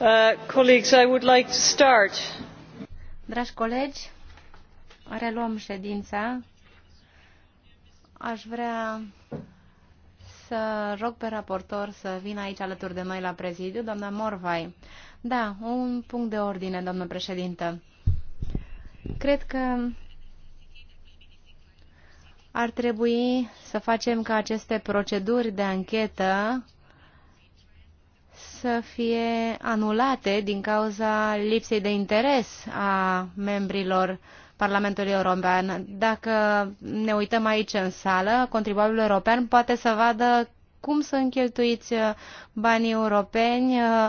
Uh, Dragi colegi, reluăm ședința. Aș vrea să rog pe raportor să vină aici alături de noi la prezidiu, doamna Morvai. Da, un punct de ordine, doamnă președintă. Cred că ar trebui să facem ca aceste proceduri de anchetă să fie anulate din cauza lipsei de interes a membrilor Parlamentului European. Dacă ne uităm aici în sală, contribuabilul european poate să vadă cum sunt cheltuiți uh, banii europeni. Uh,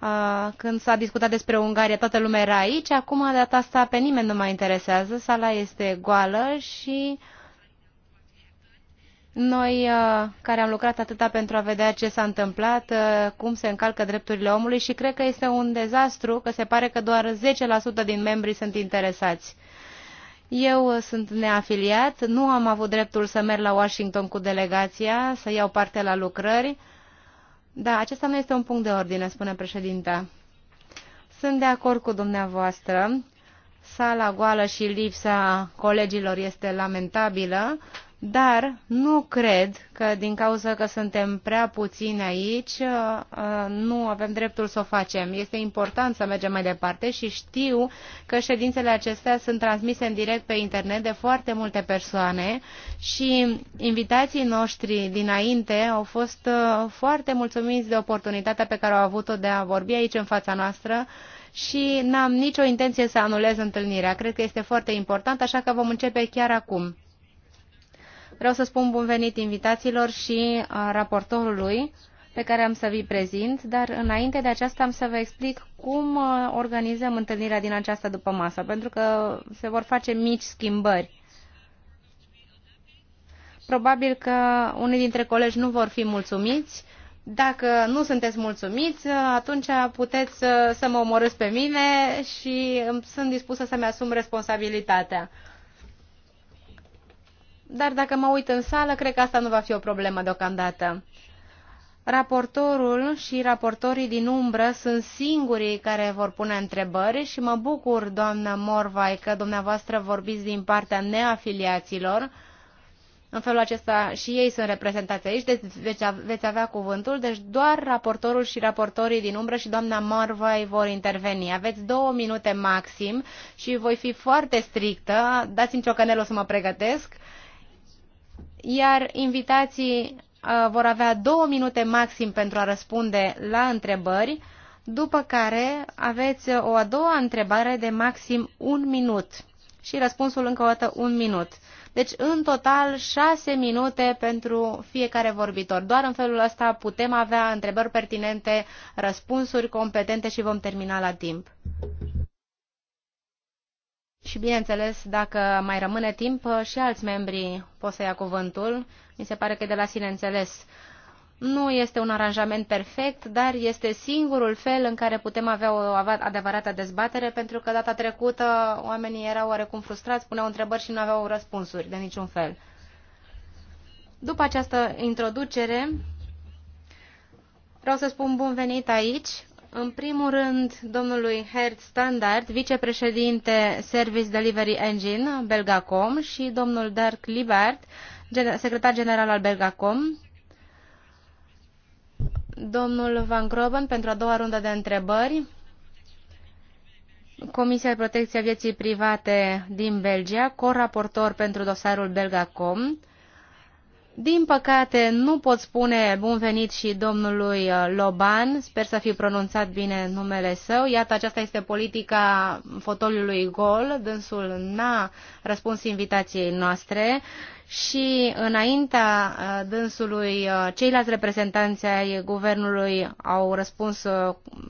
uh, când s-a discutat despre Ungaria, toată lumea era aici. Acum, de data asta, pe nimeni nu mai interesează. Sala este goală și uh, noi, uh, care am lucrat atâta pentru a vedea ce s-a întâmplat, uh, cum se încalcă drepturile omului și cred că este un dezastru că se pare că doar 10% din membrii sunt interesați. Eu sunt neafiliat, nu am avut dreptul să merg la Washington cu delegația, să iau parte la lucrări. Da, acesta nu este un punct de ordine, spune președinta. Sunt de acord cu dumneavoastră. Sala goală și lipsa colegilor este lamentabilă, dar nu cred că din cauza că suntem prea puțini aici, uh, nu avem dreptul să o facem. Este important să mergem mai departe și știu că ședințele acestea sunt transmise în direct pe internet de foarte multe persoane și invitații noștri dinainte au fost uh, foarte mulțumiți de oportunitatea pe care au avut-o de a vorbi aici în fața noastră și n-am nicio intenție să anulez întâlnirea. Cred că este foarte important, așa că vom începe chiar acum. Vreau să spun bun venit invitațiilor și uh, raportorului pe care am să vi prezint, dar înainte de aceasta am să vă explic cum uh, organizăm întâlnirea din această după masă, pentru că se vor face mici schimbări. Probabil că unii dintre colegi nu vor fi mulțumiți. Dacă nu sunteți mulțumiți, uh, atunci puteți să mă omorâți pe mine și sunt dispusă să-mi asum responsabilitatea dar dacă mă uit în sală, cred că asta nu va fi o problemă deocamdată. Raportorul și raportorii din umbră sunt singurii care vor pune întrebări și mă bucur, doamnă Morvai, că dumneavoastră vorbiți din partea neafiliaților. În felul acesta și ei sunt reprezentați aici, deci veți avea cuvântul, deci doar raportorul și raportorii din umbră și doamna Morvai vor interveni. Aveți două minute maxim și voi fi foarte strictă, dați-mi ciocanelul să mă pregătesc iar invitații uh, vor avea două minute maxim pentru a răspunde la întrebări, după care aveți o a doua întrebare de maxim un minut și răspunsul încă o dată un minut. Deci, în total, șase minute pentru fiecare vorbitor. Doar în felul ăsta putem avea întrebări pertinente, răspunsuri competente și vom termina la timp. Și bineînțeles, dacă mai rămâne timp, și alți membri pot să ia cuvântul. Mi se pare că e de la sine înțeles. Nu este un aranjament perfect, dar este singurul fel în care putem avea o adevărată dezbatere, pentru că data trecută oamenii erau oarecum frustrați, puneau întrebări și nu aveau răspunsuri de niciun fel. După această introducere, vreau să spun bun venit aici în primul rând, domnului Hert Standard, vicepreședinte Service Delivery Engine, Belgacom, și domnul Dirk Libert, secretar general al Belgacom, domnul Van Groben pentru a doua rundă de întrebări, Comisia de Protecție a Vieții Private din Belgia, coraportor pentru dosarul Belgacom, din păcate, nu pot spune bun venit și domnului uh, Loban, sper să fi pronunțat bine numele său. Iată, aceasta este politica fotoliului gol, dânsul n-a răspuns invitației noastre și înaintea uh, dânsului uh, ceilalți reprezentanți ai guvernului au răspuns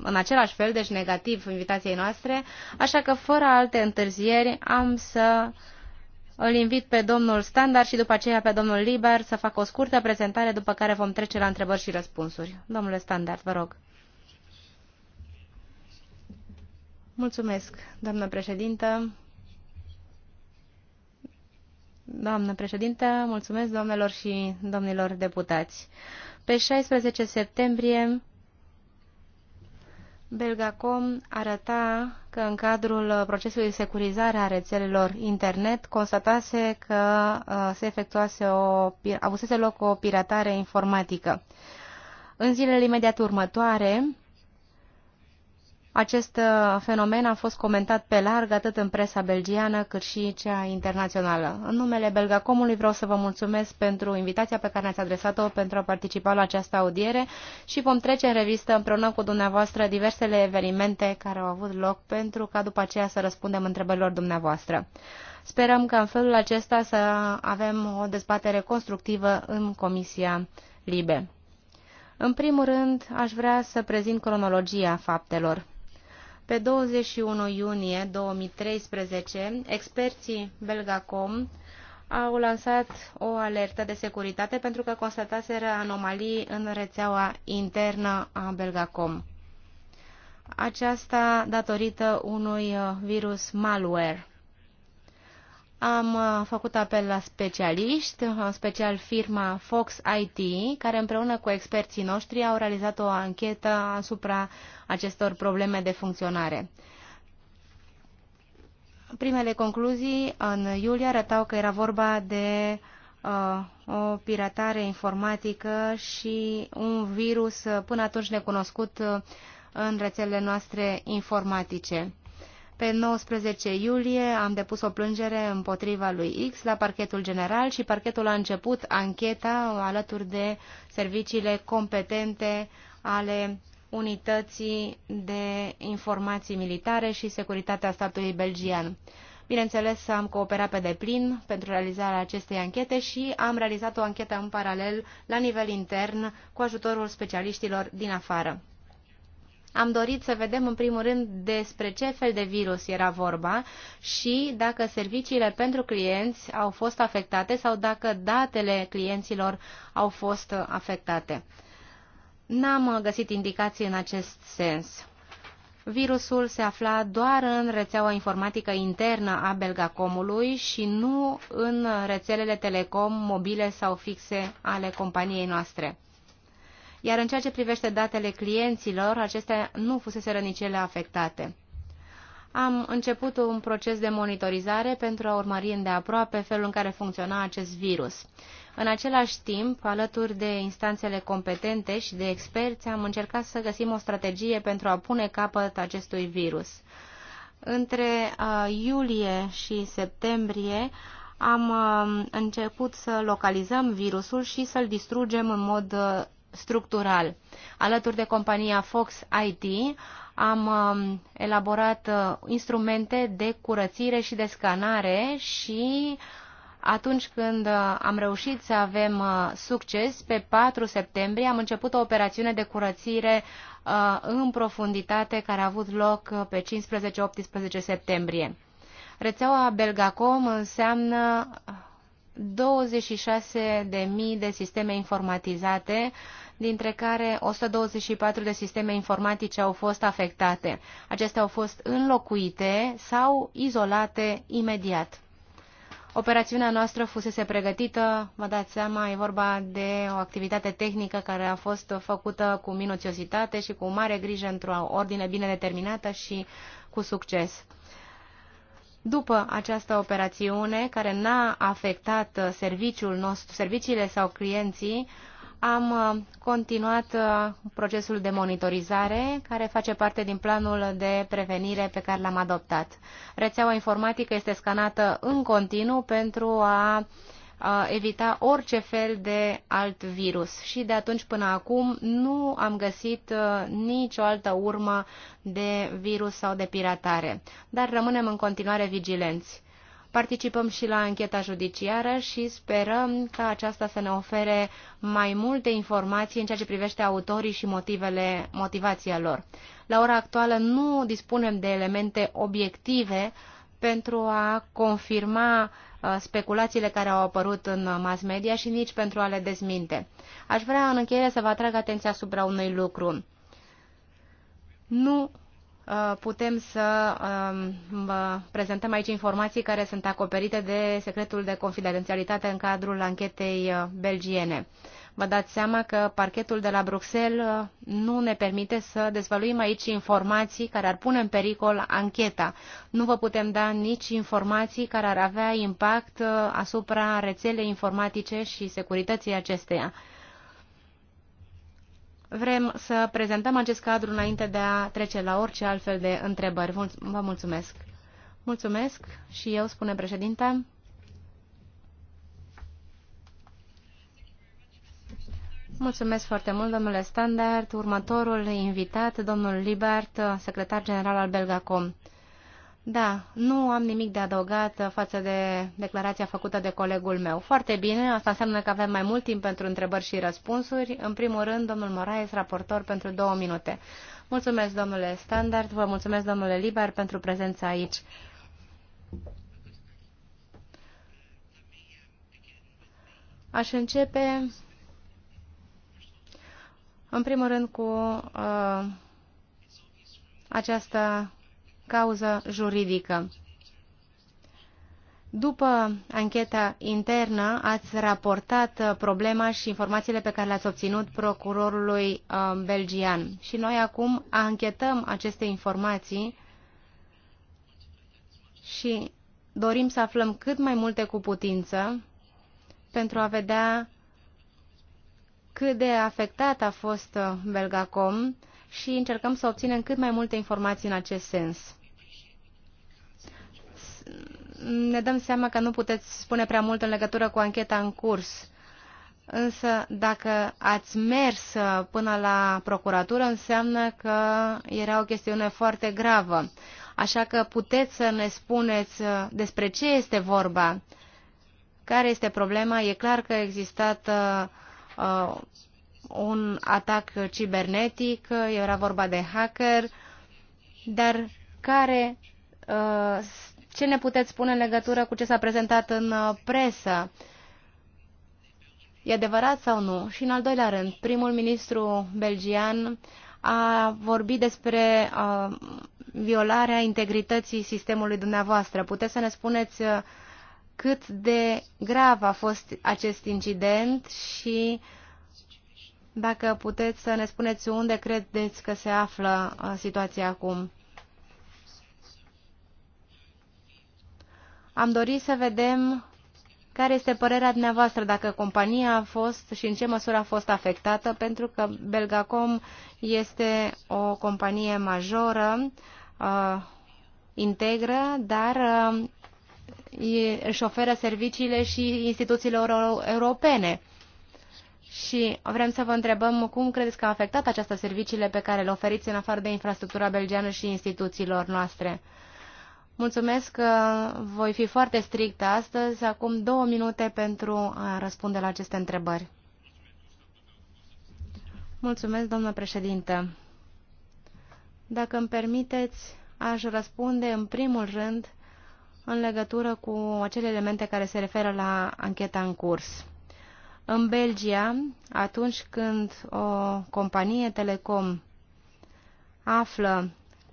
în același fel, deci negativ invitației noastre, așa că fără alte întârzieri am să îl invit pe domnul Standard și după aceea pe domnul Liber să facă o scurtă prezentare, după care vom trece la întrebări și răspunsuri. Domnule Standard, vă rog. Mulțumesc, doamnă președintă. Doamnă președintă, mulțumesc doamnelor și domnilor deputați. Pe 16 septembrie, Belgacom arăta că în cadrul uh, procesului de securizare a rețelelor internet constatase că uh, se efectuase o, avusese loc o piratare informatică. În zilele imediat următoare, acest uh, fenomen a fost comentat pe larg atât în presa belgiană cât și cea internațională. În numele Belgacomului vreau să vă mulțumesc pentru invitația pe care ne-ați adresat-o pentru a participa la această audiere și vom trece în revistă împreună cu dumneavoastră diversele evenimente care au avut loc pentru ca după aceea să răspundem întrebărilor dumneavoastră. Sperăm că în felul acesta să avem o dezbatere constructivă în Comisia Libe. În primul rând, aș vrea să prezint cronologia faptelor. Pe 21 iunie 2013, experții Belgacom au lansat o alertă de securitate pentru că constataseră anomalii în rețeaua internă a Belgacom. Aceasta datorită unui uh, virus malware. Am uh, făcut apel la specialiști, uh, în special firma Fox IT, care împreună cu experții noștri au realizat o anchetă asupra acestor probleme de funcționare. Primele concluzii în iulie arătau că era vorba de uh, o piratare informatică și un virus uh, până atunci necunoscut în rețelele noastre informatice. Pe 19 iulie am depus o plângere împotriva lui X la parchetul general și parchetul a început ancheta alături de serviciile competente ale unității de informații militare și securitatea statului belgian. Bineînțeles, am cooperat pe deplin pentru realizarea acestei anchete și am realizat o anchetă în paralel la nivel intern cu ajutorul specialiștilor din afară am dorit să vedem în primul rând despre ce fel de virus era vorba și dacă serviciile pentru clienți au fost afectate sau dacă datele clienților au fost afectate. N-am găsit indicații în acest sens. Virusul se afla doar în rețeaua informatică internă a Belgacomului și nu în rețelele telecom, mobile sau fixe ale companiei noastre iar în ceea ce privește datele clienților, acestea nu fusese nici ele afectate. Am început un proces de monitorizare pentru a urmări îndeaproape felul în care funcționa acest virus. În același timp, alături de instanțele competente și de experți, am încercat să găsim o strategie pentru a pune capăt acestui virus. Între uh, iulie și septembrie am uh, început să localizăm virusul și să-l distrugem în mod uh, structural. Alături de compania Fox IT am um, elaborat uh, instrumente de curățire și de scanare și atunci când uh, am reușit să avem uh, succes, pe 4 septembrie am început o operațiune de curățire în profunditate care a avut loc pe 15-18 septembrie. Rețeaua Belgacom înseamnă 26.000 de sisteme informatizate dintre care 124 de sisteme informatice au fost afectate. Acestea au fost înlocuite sau izolate imediat. Operațiunea noastră fusese pregătită, vă dați seama, e vorba de o activitate tehnică care a fost făcută cu minuțiozitate și cu mare grijă într-o ordine bine determinată și cu succes. După această operațiune, care n-a afectat serviciul nostru, serviciile sau clienții, am uh, continuat uh, procesul de monitorizare, care face parte din planul de prevenire pe care l-am adoptat. Rețeaua informatică este scanată în continuu pentru a evita orice fel de alt virus. Și de atunci până acum nu am găsit uh, nicio altă urmă de virus sau de piratare. Dar rămânem în continuare vigilenți. Participăm și la ancheta judiciară și sperăm ca aceasta să ne ofere mai multe informații în ceea ce privește autorii și motivele, motivația lor. La ora actuală nu dispunem de elemente obiective pentru a confirma uh, speculațiile care au apărut în mass media și nici pentru a le dezminte. Aș vrea în încheiere să vă atrag atenția asupra unui lucru. Nu Uh, putem să um, prezentăm aici informații care sunt acoperite de secretul de confidențialitate în cadrul anchetei uh, belgiene. Vă dați seama că parchetul de la Bruxelles uh, nu ne permite să dezvăluim aici informații care ar pune în pericol ancheta. Nu vă putem da nici informații care ar avea impact asupra rețelei informatice și securității acesteia vrem să prezentăm acest cadru înainte de a trece la orice altfel de întrebări. Vă mulțumesc. Mulțumesc și eu, spune președinte. Mulțumesc foarte mult, domnule Standard. Următorul invitat, domnul Libert, secretar general al Belgacom. Da, nu am nimic de adăugat față de declarația făcută de colegul meu. Foarte bine, asta înseamnă că avem mai mult timp pentru întrebări și răspunsuri. În primul rând, domnul Moraes, raportor, pentru două minute. Mulțumesc, domnule Standard, vă mulțumesc, domnule Liber, pentru prezența aici. Aș începe, în primul rând, cu uh, această cauză juridică. După ancheta internă, ați raportat uh, problema și informațiile pe care le-ați obținut procurorului uh, belgian. Și noi acum anchetăm aceste informații și dorim să aflăm cât mai multe cu putință pentru a vedea cât de afectat a fost uh, Belgacom și încercăm să obținem cât mai multe informații în acest sens ne dăm seama că nu puteți spune prea mult în legătură cu ancheta în curs. Însă, dacă ați mers până la procuratură, înseamnă că era o chestiune foarte gravă. Așa că puteți să ne spuneți despre ce este vorba, care este problema. E clar că a existat uh, un atac cibernetic, era vorba de hacker, dar care uh, ce ne puteți spune în legătură cu ce s-a prezentat în uh, presă? E adevărat sau nu? Și în al doilea rând, primul ministru belgian a vorbit despre uh, violarea integrității sistemului dumneavoastră. Puteți să ne spuneți uh, cât de grav a fost acest incident și dacă puteți să ne spuneți unde credeți că se află uh, situația acum. Am dorit să vedem care este părerea dumneavoastră dacă compania a fost și în ce măsură a fost afectată, pentru că Belgacom este o companie majoră, uh, integră, dar uh, își oferă serviciile și instituțiilor europene. Și vrem să vă întrebăm cum credeți că a afectat această serviciile pe care le oferiți în afară de infrastructura belgeană și instituțiilor noastre. Mulțumesc că voi fi foarte strict astăzi. Acum două minute pentru a răspunde la aceste întrebări. Mulțumesc, doamnă președinte. Dacă îmi permiteți, aș răspunde în primul rând în legătură cu acele elemente care se referă la ancheta în curs. În Belgia, atunci când o companie telecom află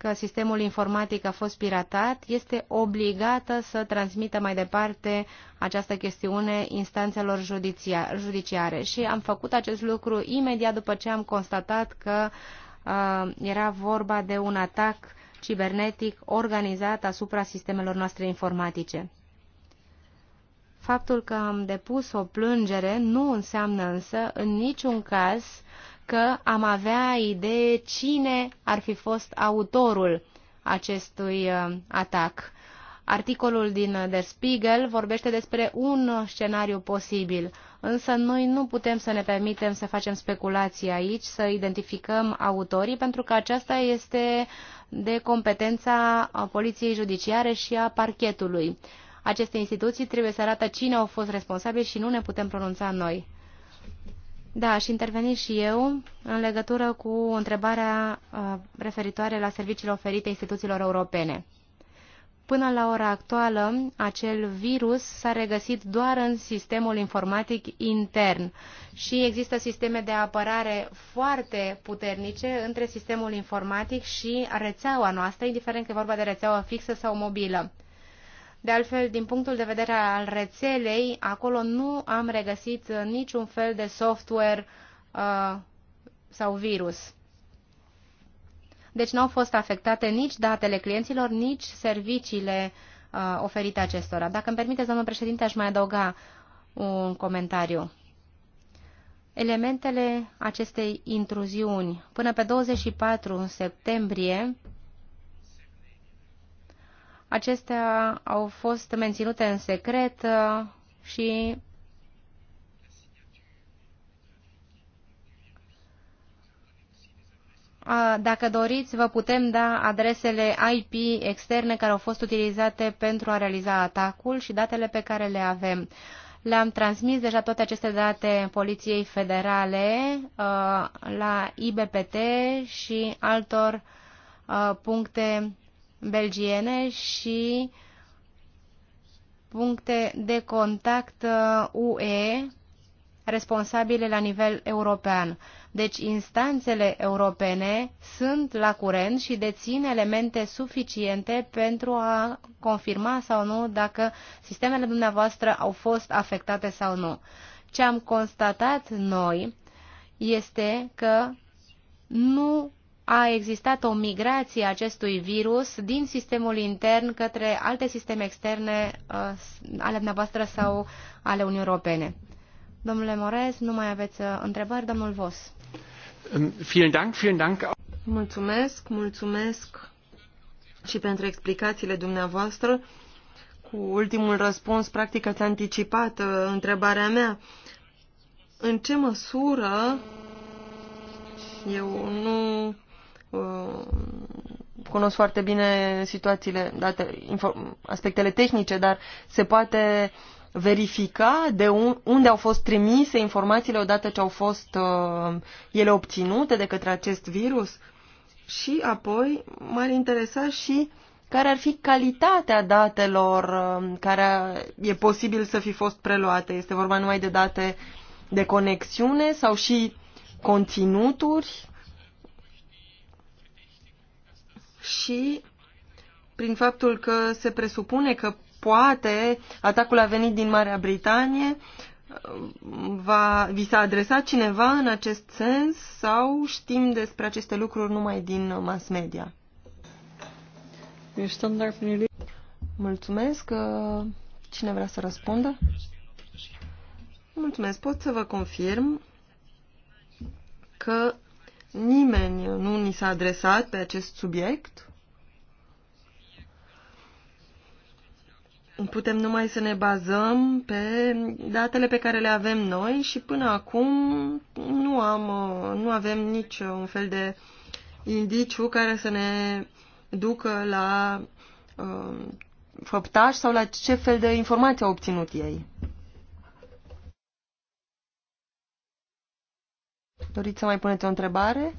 că sistemul informatic a fost piratat, este obligată să transmită mai departe această chestiune instanțelor judiciare. Și am făcut acest lucru imediat după ce am constatat că uh, era vorba de un atac cibernetic organizat asupra sistemelor noastre informatice. Faptul că am depus o plângere nu înseamnă însă în niciun caz că am avea idee cine ar fi fost autorul acestui uh, atac. Articolul din Der Spiegel vorbește despre un scenariu posibil, însă noi nu putem să ne permitem să facem speculații aici, să identificăm autorii, pentru că aceasta este de competența poliției judiciare și a parchetului. Aceste instituții trebuie să arată cine au fost responsabili și nu ne putem pronunța noi. Da, aș interveni și eu în legătură cu întrebarea uh, referitoare la serviciile oferite instituțiilor europene. Până la ora actuală, acel virus s-a regăsit doar în sistemul informatic intern și există sisteme de apărare foarte puternice între sistemul informatic și rețeaua noastră, indiferent că e vorba de rețeaua fixă sau mobilă. De altfel, din punctul de vedere al rețelei, acolo nu am regăsit niciun fel de software uh, sau virus. Deci nu au fost afectate nici datele clienților, nici serviciile uh, oferite acestora. Dacă îmi permiteți, domnul președinte, aș mai adăuga un comentariu. Elementele acestei intruziuni. Până pe 24 septembrie, Acestea au fost menținute în secret uh, și Dacă doriți, vă putem da adresele IP externe care au fost utilizate pentru a realiza atacul și datele pe care le avem. Le-am transmis deja toate aceste date Poliției Federale, uh, la IBPT și altor uh, puncte belgiene și puncte de contact UE uh, responsabile la nivel european. Deci instanțele europene sunt la curent și dețin elemente suficiente pentru a confirma sau nu dacă sistemele dumneavoastră au fost afectate sau nu. Ce am constatat noi este că nu a existat o migrație acestui virus din sistemul intern către alte sisteme externe uh, ale dumneavoastră sau ale Uniunii Europene. Domnule Morez, nu mai aveți uh, întrebări, domnul Vos. Mulțumesc, mulțumesc și pentru explicațiile dumneavoastră. Cu ultimul răspuns, practic, ați anticipat uh, întrebarea mea. În ce măsură eu nu Uh, cunosc foarte bine situațiile, date, aspectele tehnice, dar se poate verifica de un, unde au fost trimise informațiile odată ce au fost uh, ele obținute de către acest virus? Și apoi m-ar interesa și care ar fi calitatea datelor uh, care e posibil să fi fost preluate. Este vorba numai de date de conexiune sau și conținuturi și prin faptul că se presupune că poate atacul a venit din Marea Britanie, va, vi s-a adresat cineva în acest sens sau știm despre aceste lucruri numai din mass media? Mulțumesc. Uh, cine vrea să răspundă? Mulțumesc. Pot să vă confirm că Nimeni nu ni s-a adresat pe acest subiect. Putem numai să ne bazăm pe datele pe care le avem noi și până acum nu, am, nu avem nici un fel de indiciu care să ne ducă la uh, făptași sau la ce fel de informații au obținut ei. Doriți să mai puneți o întrebare?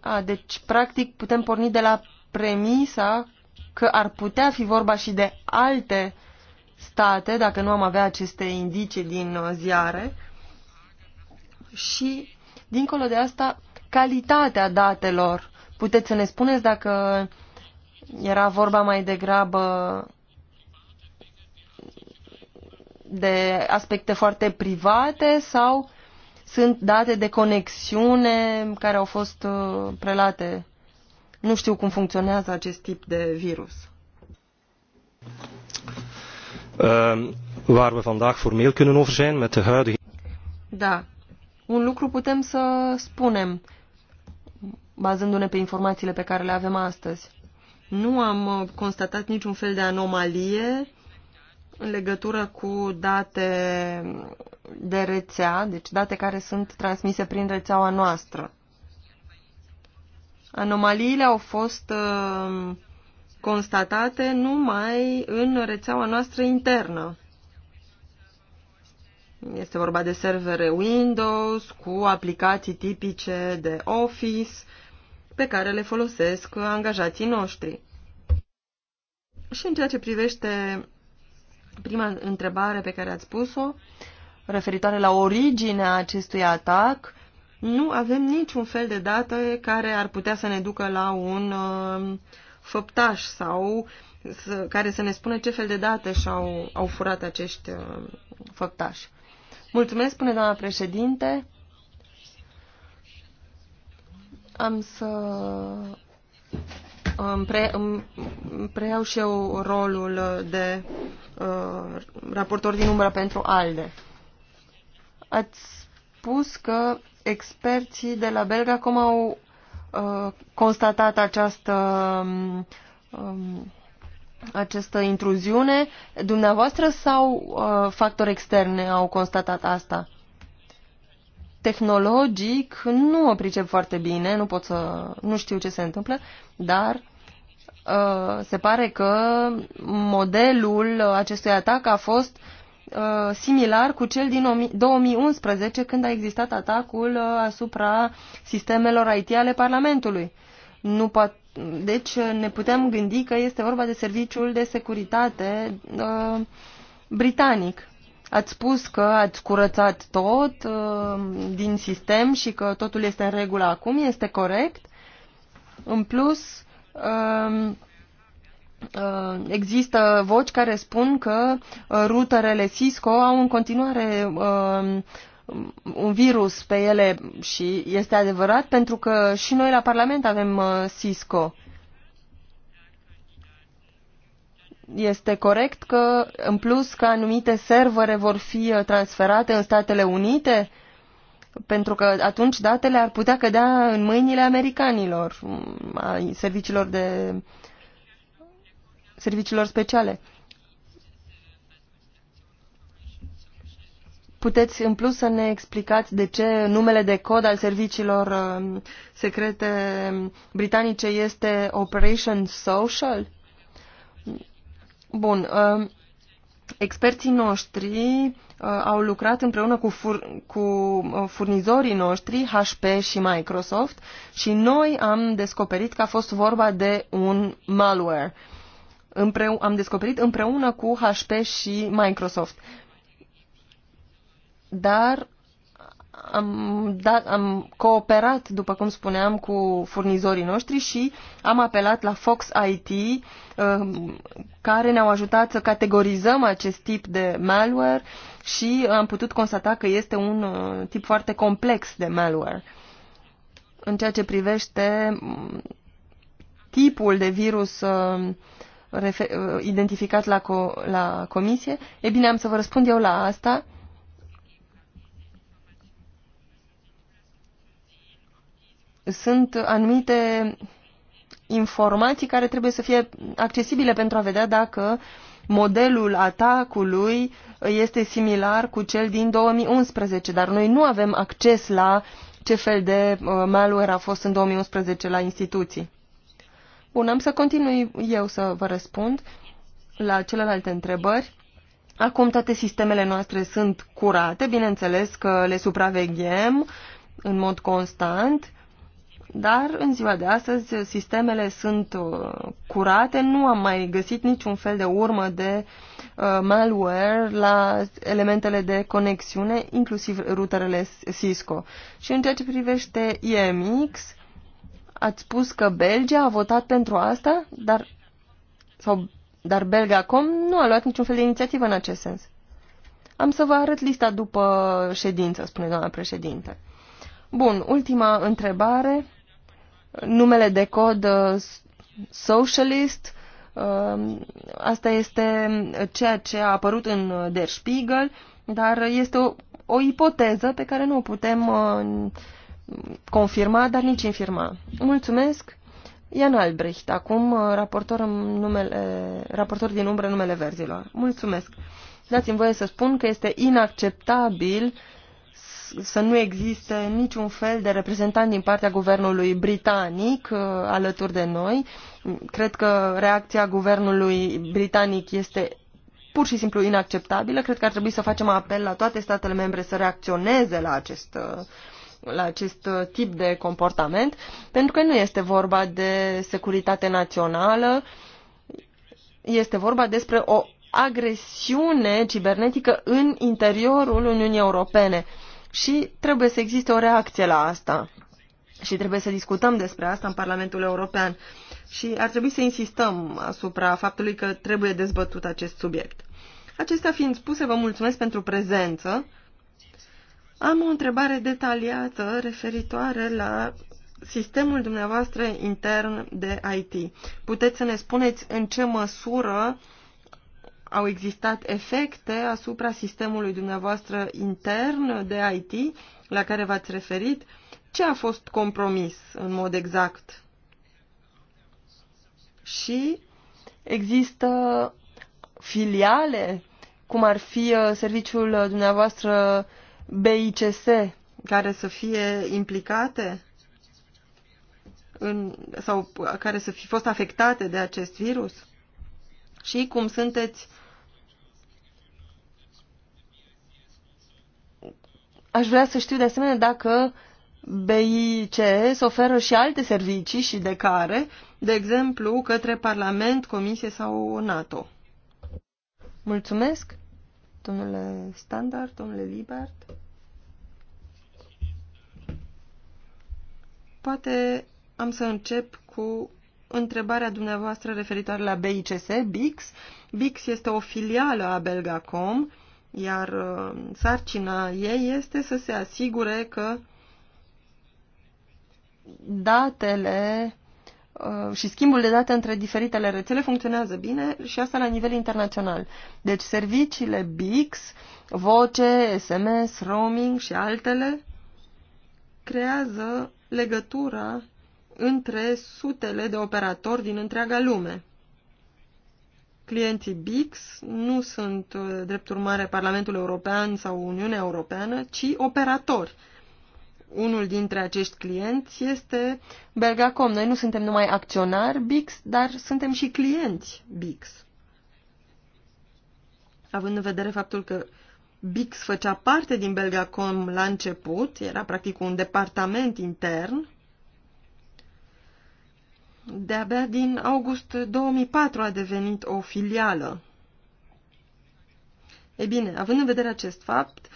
A, deci, practic, putem porni de la premisa că ar putea fi vorba și de alte state, dacă nu am avea aceste indicii din uh, ziare. Și, dincolo de asta, calitatea datelor. Puteți să ne spuneți dacă era vorba mai degrabă de aspecte foarte private sau sunt date de conexiune care au fost uh, prelate? Nu știu cum funcționează acest tip de virus. Ehm, waar we vandaag formeel kunnen over zijn met de huidige... Da. Un lucru putem să spunem, bazându-ne pe informațiile pe care le avem astăzi. Nu am uh, constatat niciun fel de anomalie în legătură cu date de rețea, deci date care sunt transmise prin rețeaua noastră. Anomaliile au fost uh, constatate numai în rețeaua noastră internă. Este vorba de servere Windows cu aplicații tipice de Office pe care le folosesc angajații noștri. Și în ceea ce privește prima întrebare pe care ați pus-o, referitoare la originea acestui atac, nu avem niciun fel de dată care ar putea să ne ducă la un uh, făptaș sau să, care să ne spună ce fel de date și-au au furat acești uh, făptași. Mulțumesc, spune doamna președinte. Am să pre, preiau și eu rolul de uh, raportor din umbră pentru ALDE. Ați spus că experții de la Belga cum au uh, constatat această, um, această intruziune? Dumneavoastră sau uh, factori externe au constatat asta? tehnologic nu o pricep foarte bine, nu pot să, nu știu ce se întâmplă, dar Uh, se pare că modelul acestui atac a fost uh, similar cu cel din 2011 când a existat atacul uh, asupra sistemelor IT ale Parlamentului. Nu poate deci ne putem gândi că este vorba de serviciul de securitate uh, britanic. Ați spus că ați curățat tot uh, din sistem și că totul este în regulă acum, este corect. În plus, Um, uh, există voci care spun că uh, rutărele Cisco au în continuare um, un virus pe ele și este adevărat pentru că și noi la Parlament avem uh, Cisco. Este corect că, în plus, că anumite servere vor fi transferate în Statele Unite? Uh, pentru că atunci datele ar putea cădea în mâinile americanilor, a serviciilor de serviciilor speciale. Puteți în plus să ne explicați de ce numele de cod al serviciilor uh, secrete britanice este Operation Social? Bun. Uh, experții noștri uh, au lucrat împreună cu, fur, cu uh, furnizorii noștri, HP și Microsoft, și noi am descoperit că a fost vorba de un malware. Împre, am descoperit împreună cu HP și Microsoft. Dar am, dat, am cooperat, după cum spuneam, cu furnizorii noștri și am apelat la Fox IT, um, care ne-au ajutat să categorizăm acest tip de malware și am putut constata că este un uh, tip foarte complex de malware. În ceea ce privește um, tipul de virus um, uh, identificat la, co la comisie, e bine, am să vă răspund eu la asta sunt anumite informații care trebuie să fie accesibile pentru a vedea dacă modelul atacului este similar cu cel din 2011, dar noi nu avem acces la ce fel de uh, malware a fost în 2011 la instituții. Bun, am să continui eu să vă răspund la celelalte întrebări. Acum toate sistemele noastre sunt curate, bineînțeles că le supraveghem în mod constant dar în ziua de astăzi sistemele sunt uh, curate, nu am mai găsit niciun fel de urmă de uh, malware la elementele de conexiune, inclusiv routerele Cisco. Și în ceea ce privește IMX, ați spus că Belgia a votat pentru asta, dar, sau, dar Belgacom nu a luat niciun fel de inițiativă în acest sens. Am să vă arăt lista după ședință, spune doamna președinte. Bun, ultima întrebare numele de cod uh, socialist. Um, asta este ceea ce a apărut în uh, Der Spiegel, dar este o, o ipoteză pe care nu o putem uh, confirma, dar nici infirma. Mulțumesc! Ian Albrecht, acum raportor, în numele, raportor din umbră numele verzilor. Mulțumesc! Dați-mi voie să spun că este inacceptabil uh, să nu existe niciun fel de reprezentant din partea guvernului britanic uh, alături de noi. Cred că reacția guvernului britanic este pur și simplu inacceptabilă. Cred că ar trebui să facem apel la toate statele membre să reacționeze la acest, uh, la acest uh, tip de comportament, pentru că nu este vorba de securitate națională, este vorba despre o agresiune cibernetică în interiorul Uniunii Europene și trebuie să existe o reacție la asta. Și trebuie să discutăm despre asta în Parlamentul European. Și ar trebui să insistăm asupra faptului că trebuie dezbătut acest subiect. Acestea fiind spuse, vă mulțumesc pentru prezență. Am o întrebare detaliată referitoare la sistemul dumneavoastră intern de IT. Puteți să ne spuneți în ce măsură au existat efecte asupra sistemului dumneavoastră intern de IT la care v-ați referit? Ce a fost compromis în mod exact? Și există filiale, cum ar fi uh, serviciul dumneavoastră BICS, care să fie implicate în, sau care să fi fost afectate de acest virus? Și cum sunteți Aș vrea să știu de asemenea dacă BICS oferă și alte servicii și de care, de exemplu, către Parlament, Comisie sau NATO. Mulțumesc, domnule Standard, domnule Libert. Poate am să încep cu întrebarea dumneavoastră referitoare la BICS, BICS BICS este o filială a Belgacom iar uh, sarcina ei este să se asigure că datele uh, și schimbul de date între diferitele rețele funcționează bine și asta la nivel internațional. Deci serviciile BIX, voce, SMS, roaming și altele creează legătura între sutele de operatori din întreaga lume clienții BIX nu sunt, uh, drept urmare, Parlamentul European sau Uniunea Europeană, ci operatori. Unul dintre acești clienți este Belgacom. Noi nu suntem numai acționari BIX, dar suntem și clienți BIX. Având în vedere faptul că BIX făcea parte din Belgacom la început, era practic un departament intern, de-abia din august 2004 a devenit o filială. Ei bine, având în vedere acest fapt,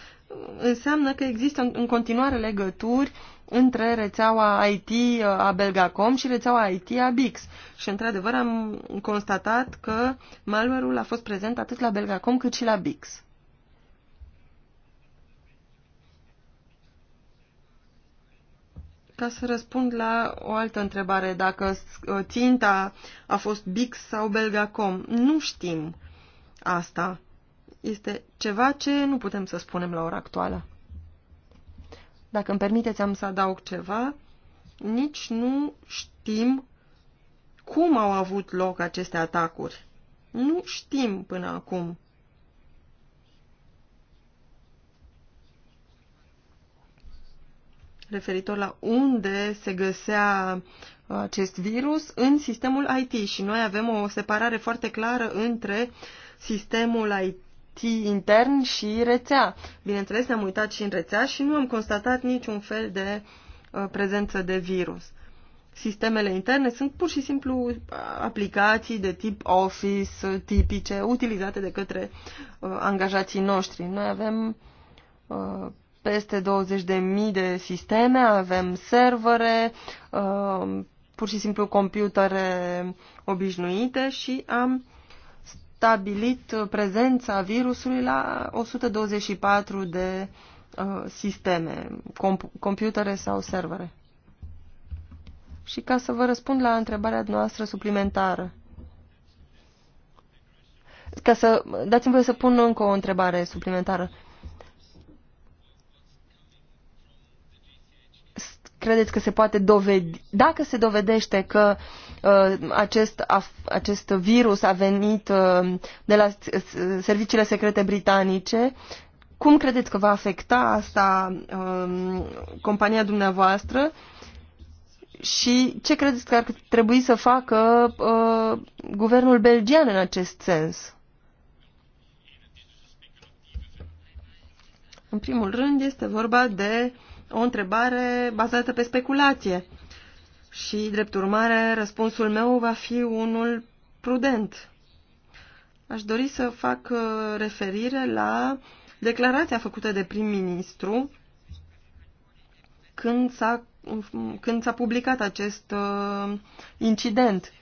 înseamnă că există în continuare legături între rețeaua IT uh, a Belgacom și rețeaua IT a Bix. Și într-adevăr am constatat că malware-ul a fost prezent atât la Belgacom cât și la Bix. Ca să răspund la o altă întrebare, dacă uh, ținta a fost Bix sau Belgacom, nu știm asta. Este ceva ce nu putem să spunem la ora actuală. Dacă îmi permiteți, am să adaug ceva. Nici nu știm cum au avut loc aceste atacuri. Nu știm până acum. referitor la unde se găsea uh, acest virus în sistemul IT și noi avem o separare foarte clară între sistemul IT intern și rețea. Bineînțeles, ne-am uitat și în rețea și nu am constatat niciun fel de uh, prezență de virus. Sistemele interne sunt pur și simplu uh, aplicații de tip Office tipice utilizate de către angajații noștri. Noi avem peste 20.000 de sisteme, avem servere, uh, pur și simplu computere obișnuite și am stabilit prezența virusului la 124 de uh, sisteme, computere sau servere. Și ca să vă răspund la întrebarea noastră suplimentară, ca să dați-mi voie să pun încă o întrebare suplimentară. credeți că se poate dovedi, dacă se dovedește că uh, acest, af, acest virus a venit uh, de la serviciile secrete britanice, cum credeți că va afecta asta uh, compania dumneavoastră și ce credeți că ar trebui să facă uh, guvernul belgian în acest sens? În primul rând este vorba de uh, o întrebare bazată pe speculație. Și, drept urmare, răspunsul meu va fi unul prudent. Aș dori să fac uh, referire la declarația făcută de prim-ministru când s-a, publicat acest uh, incident.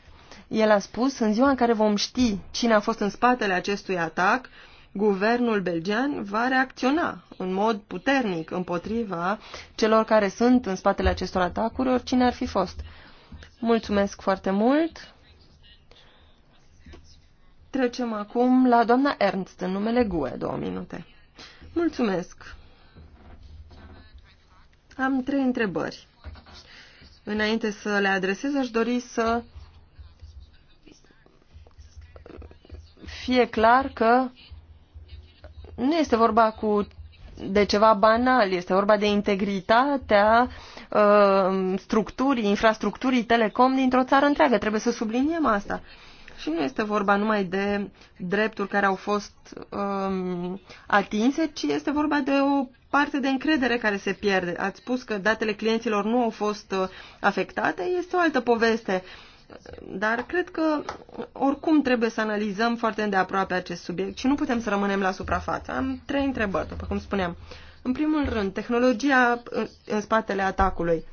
El a spus, în ziua în care vom ști cine a fost în spatele acestui atac, uh, guvernul belgian va reacționa în mod puternic împotriva celor care sunt în spatele acestor atacuri, oricine ar fi fost. Mulțumesc foarte mult! Trecem acum la doamna Ernst, în numele GUE, două minute. Mulțumesc! Am trei întrebări. Înainte să le adresez, aș dori să fie clar că nu este vorba cu de ceva banal, este vorba de integritatea uh, structurii, infrastructurii telecom dintr-o țară întreagă. Trebuie să subliniem asta. Și nu este vorba numai de drepturi care au fost um, atinse, ci este vorba de o parte de încredere care se pierde. Ați spus că datele clienților nu au fost uh, afectate, este o altă poveste. Uh, dar cred că oricum trebuie să analizăm foarte îndeaproape acest subiect și nu putem să rămânem la suprafață. Am trei întrebări, după cum spuneam. În primul rând, tehnologia în spatele atacului.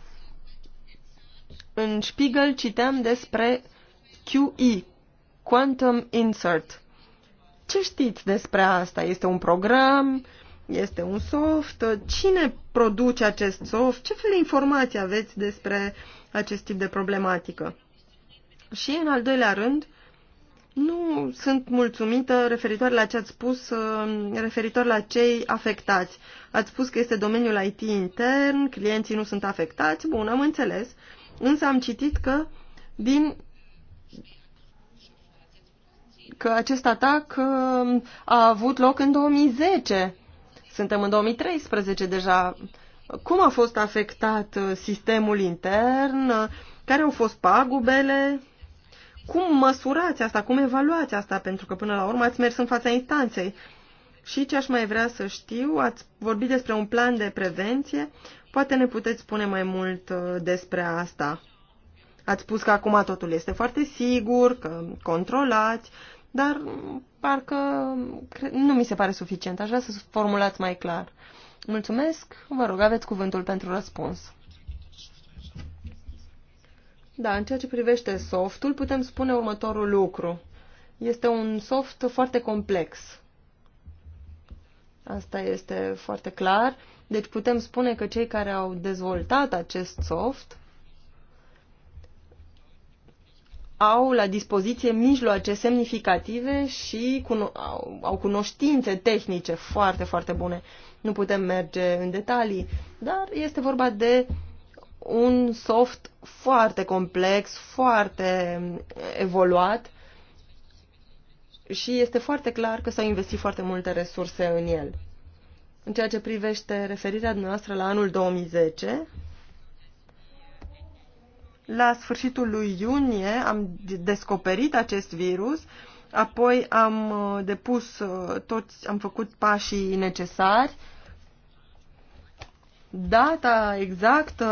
În Spiegel citeam despre QE, Quantum Insert. Ce știți despre asta? Este un program? Este un soft? Cine produce acest soft? Ce fel de informații aveți despre acest tip de problematică? Și, în al doilea rând, nu sunt mulțumită referitor la ce ați spus, uh, referitor la cei afectați. Ați spus că este domeniul IT intern, clienții nu sunt afectați, bun, am înțeles, însă am citit că din că acest atac uh, a avut loc în 2010. Suntem în 2013 deja. Cum a fost afectat uh, sistemul intern? Care au fost pagubele? cum măsurați asta, cum evaluați asta, pentru că până la urmă ați mers în fața instanței. Și ce aș mai vrea să știu, ați vorbit despre un plan de prevenție, poate ne puteți spune mai mult uh, despre asta. Ați spus că acum totul este foarte sigur, că controlați, dar parcă nu mi se pare suficient. Aș vrea să formulați mai clar. Mulțumesc, vă rog, aveți cuvântul pentru răspuns. Da, în ceea ce privește softul, putem spune următorul lucru. Este un soft foarte complex. Asta este foarte clar. Deci putem spune că cei care au dezvoltat acest soft au la dispoziție mijloace semnificative și cuno- au, au cunoștințe tehnice foarte, foarte bune. Nu putem merge în detalii, dar este vorba de uh, un soft foarte complex, foarte evoluat și este foarte clar că s-au investit foarte multe resurse în el. În ceea ce privește referirea noastră la anul 2010, la sfârșitul lui iunie am descoperit acest virus, apoi am uh, depus uh, toți, am făcut pașii necesari, data exactă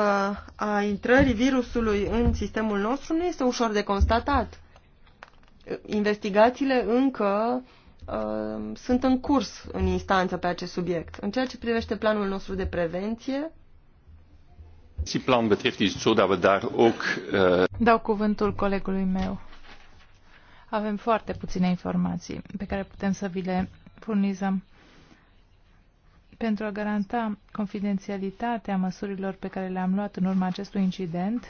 a intrării virusului în sistemul nostru nu este ușor de constatat. Investigațiile încă uh, sunt în curs în instanță pe acest subiect. În ceea ce privește planul nostru de prevenție, plan betreft is zo dat we daar ook. Dau cuvântul colegului meu. Avem foarte puține informații pe care putem să vi le furnizăm. Pentru a garanta confidențialitatea măsurilor pe care le-am luat în urma acestui incident,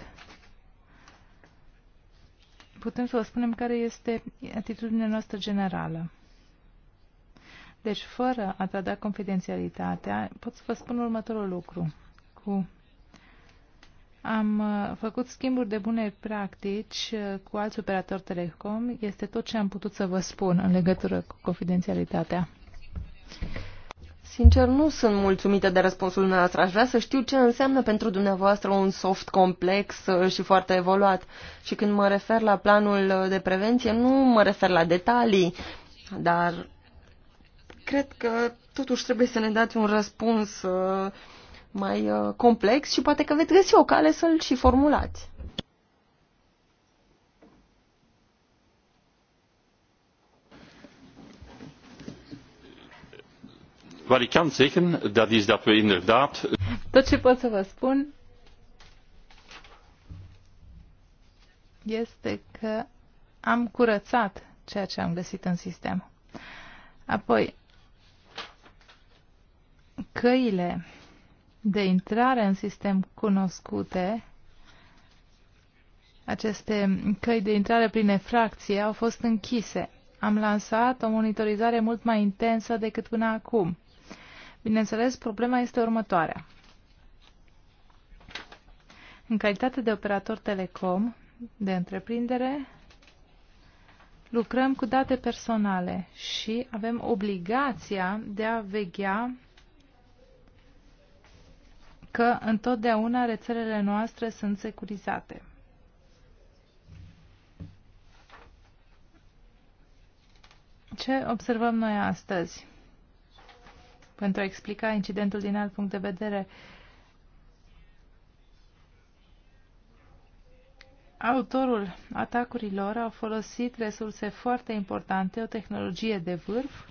putem să vă spunem care este atitudinea noastră generală. Deci, fără a trada confidențialitatea, pot să vă spun următorul lucru. Cu am uh, făcut schimburi de bune practici uh, cu alți operatori telecom. Este tot ce am putut să vă spun în legătură cu confidențialitatea. Sincer, nu sunt mulțumită de răspunsul dumneavoastră. Aș vrea să știu ce înseamnă pentru dumneavoastră un soft complex uh, și foarte evoluat. Și când mă refer la planul uh, de prevenție, nu mă refer la detalii, dar cred că totuși trebuie să ne dați un răspuns uh, mai complex și poate că veți găsi o cale să-l și formulați. is we Tot ce pot să vă spun este că am curățat ceea ce am găsit în sistem. Apoi, căile de intrare în sistem cunoscute, aceste căi de intrare prin efracție au fost închise. Am lansat o monitorizare mult mai intensă decât până acum. Bineînțeles, problema este următoarea. În calitate de operator telecom, de întreprindere, lucrăm cu date personale și avem obligația de a veghea că întotdeauna rețelele noastre sunt securizate. Ce observăm noi astăzi? pentru a explica incidentul din alt punct de vedere. Autorul atacurilor a folosit resurse foarte importante, o tehnologie de vârf,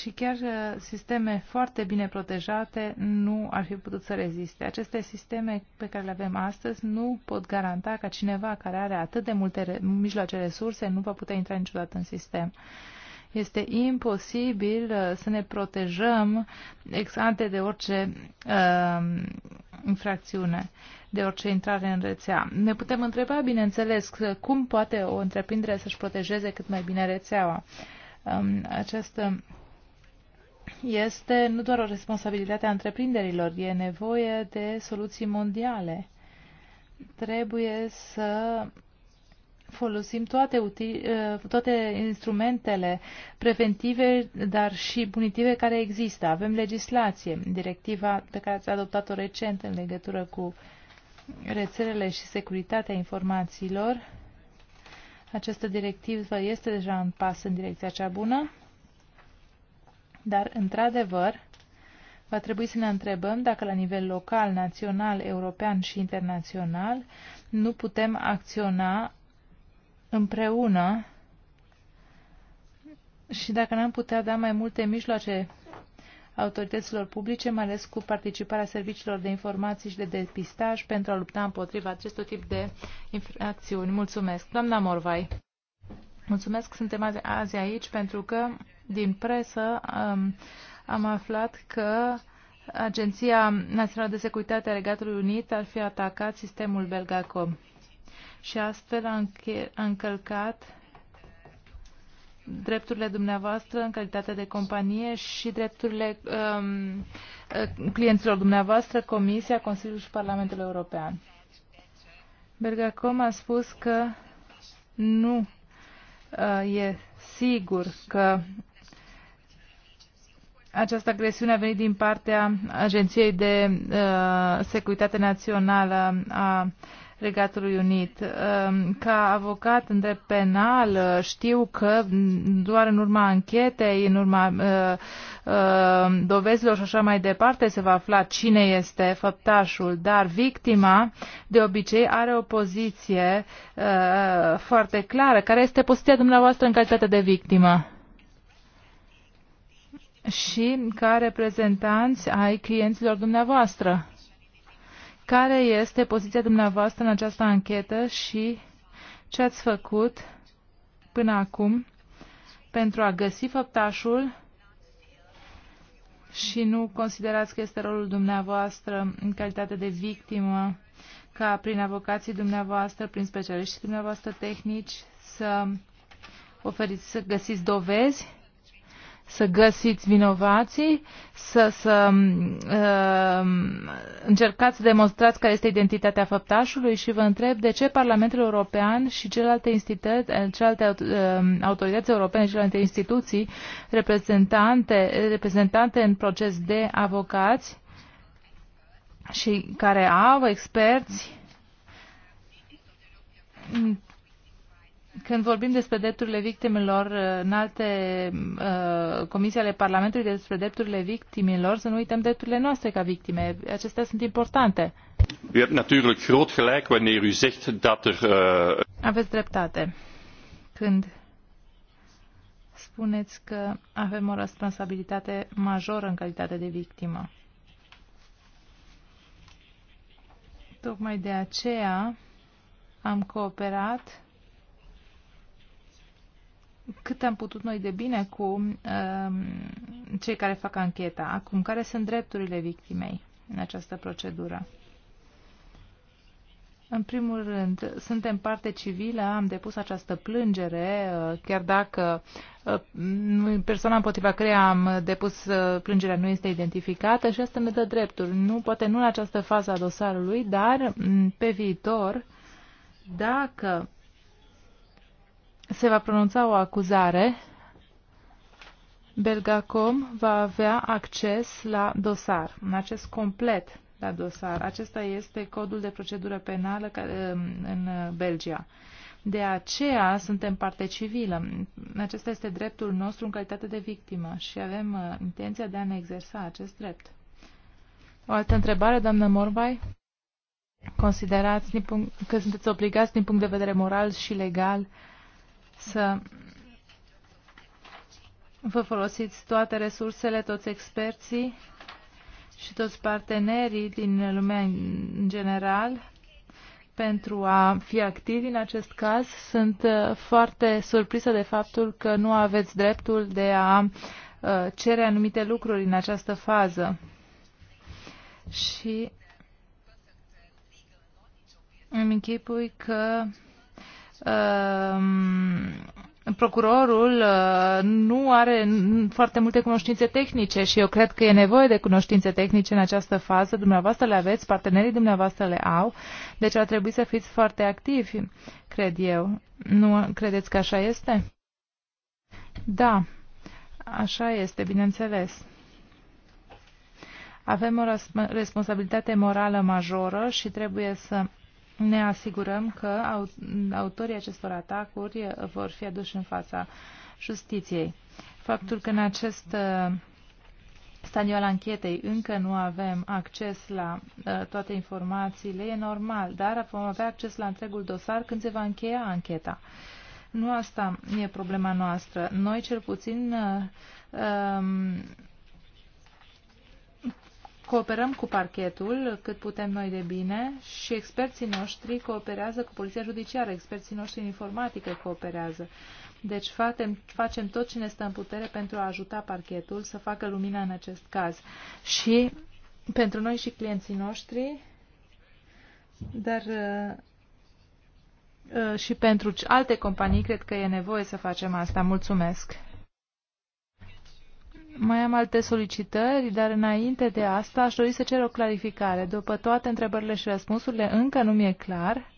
și chiar uh, sisteme foarte bine protejate nu ar fi putut să reziste. Aceste sisteme pe care le avem astăzi nu pot garanta ca cineva care are atât de multe mijloace resurse nu va putea intra niciodată în sistem. Este imposibil uh, să ne protejăm ex ante de orice uh, infracțiune, de orice intrare în rețea. Ne putem întreba, bineînțeles, uh, cum poate o întreprindere să-și protejeze cât mai bine rețeaua. Um, această este nu doar o responsabilitate a întreprinderilor, e nevoie de soluții mondiale. Trebuie să folosim toate, util, uh, toate instrumentele preventive, dar și punitive care există. Avem legislație, directiva pe care ați adoptat-o recent în legătură cu rețelele și securitatea informațiilor. Această directivă este deja în pas în direcția cea bună. Dar, într-adevăr, va trebui să ne întrebăm dacă la nivel local, național, european și internațional nu putem acționa împreună și dacă n-am putea da mai multe mijloace autorităților publice, mai ales cu participarea serviciilor de informații și de depistaj pentru a lupta împotriva acestui tip de infracțiuni. Mulțumesc. Doamna Morvai. Mulțumesc, suntem azi aici pentru că din presă um, am aflat că Agenția Națională de Securitate a Regatului Unit ar fi atacat sistemul Belgacom și astfel a, a încălcat drepturile dumneavoastră în calitate de companie și drepturile um, clienților dumneavoastră, Comisia, Consiliul și Parlamentul European. Bergacom a spus că nu uh, e sigur că această agresiune a venit din partea Agenției de uh, Securitate Națională a Regatului Unit. Uh, ca avocat în drept penal uh, știu că doar în urma anchetei, în urma uh, uh, dovezilor și așa mai departe se va afla cine este făptașul, dar victima de obicei are o poziție uh, foarte clară. Care este poziția dumneavoastră în calitate de victimă? și ca reprezentanți ai clienților dumneavoastră. Care este poziția dumneavoastră în această anchetă și ce ați făcut până acum pentru a găsi făptașul și nu considerați că este rolul dumneavoastră în calitate de victimă ca prin avocații dumneavoastră, prin specialiștii dumneavoastră tehnici să oferiți, să găsiți dovezi să găsiți vinovații, să, să uh, încercați să demonstrați care este identitatea făptașului și vă întreb de ce Parlamentul European și celelalte, eh, celelalte uh, autorități europene, celelalte instituții reprezentante, reprezentante în proces de avocați și care au experți când vorbim despre drepturile victimelor uh, în alte uh, comisii ale Parlamentului despre drepturile victimelor, să nu uităm drepturile noastre ca victime. Acestea sunt importante. U hebt natuurlijk groot gelijk wanneer u zegt dat er... Uh... Aveți dreptate. Când spuneți că avem o responsabilitate majoră în calitate de victimă. Tocmai de aceea am cooperat cât am putut noi de bine cu uh, cei care fac ancheta. Acum, care sunt drepturile victimei în această procedură? În primul rând, suntem parte civilă, am depus această plângere, uh, chiar dacă uh, persoana împotriva căreia am depus uh, plângerea nu este identificată și asta ne dă drepturi. Nu, poate nu în această fază a dosarului, dar mm, pe viitor, dacă se va pronunța o acuzare, Belgacom va avea acces la dosar, în acces complet la dosar. Acesta este codul de procedură penală um, în Belgia. De aceea suntem parte civilă. Acesta este dreptul nostru în calitate de victimă și avem uh, intenția de a ne exersa acest drept. O altă întrebare, doamnă Morbai? Considerați că sunteți obligați din punct de vedere moral și legal uh, să vă folosiți toate resursele, toți experții și toți partenerii din lumea în general pentru a fi activi în acest caz. Sunt uh, foarte surprinsă de faptul că nu aveți dreptul de a uh, cere anumite lucruri în această fază. Și îmi închipui că Ehm, procurorul eh, nu are foarte multe cunoștințe tehnice și eu cred că e nevoie de cunoștințe tehnice în această fază. Dumneavoastră le aveți, partenerii dumneavoastră le au, deci ar trebui să fiți foarte activi, cred eu. Nu credeți că așa este? Da, așa este, bineînțeles. Avem o responsabilitate morală majoră și trebuie să ne asigurăm că autorii acestor atacuri uh, vor fi aduși în fața justiției. Faptul că în acest uh, stadiu al anchetei încă nu avem acces la uh, toate informațiile e normal, dar vom avea acces la întregul dosar când se va încheia ancheta. Nu asta e problema noastră. Noi cel puțin um, Cooperăm cu parchetul cât putem noi de bine și experții noștri cooperează cu poliția judiciară, experții noștri în informatică cooperează. Deci facem, facem tot ce ne stă în putere pentru a ajuta parchetul să facă lumina în acest caz. Și pentru noi și clienții noștri, dar uh, uh, și pentru alte companii cred că e nevoie să facem asta. Mulțumesc! Mai am alte solicitări, dar înainte de asta aș dori să cer o clarificare. După toate întrebările și răspunsurile, încă nu mi-e clar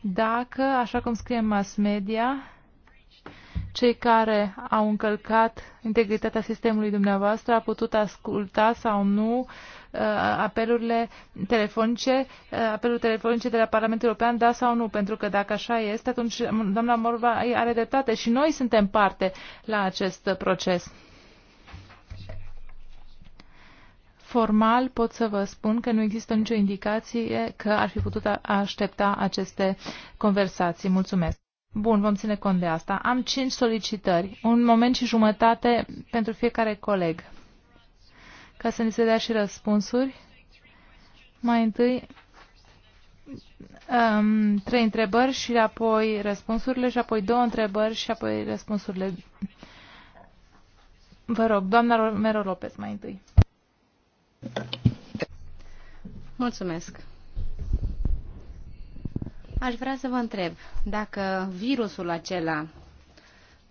dacă, așa cum scrie mass media, cei care au încălcat integritatea sistemului dumneavoastră au putut asculta sau nu uh, apelurile telefonice, uh, apelurile telefonice de la Parlamentul European, da sau nu, pentru că dacă așa este, atunci doamna Morva are dreptate și noi suntem parte la acest proces. Formal pot să vă spun că nu există nicio indicație că ar fi putut aștepta aceste conversații. Mulțumesc. Bun, vom ține cont de asta. Am cinci solicitări. Un moment și jumătate pentru fiecare coleg. Ca să ni se dea și răspunsuri. Mai întâi um, trei întrebări și apoi răspunsurile și apoi două întrebări și apoi răspunsurile. Vă rog, doamna Romero Lopez mai întâi. Mulțumesc. Aș vrea să vă întreb dacă virusul acela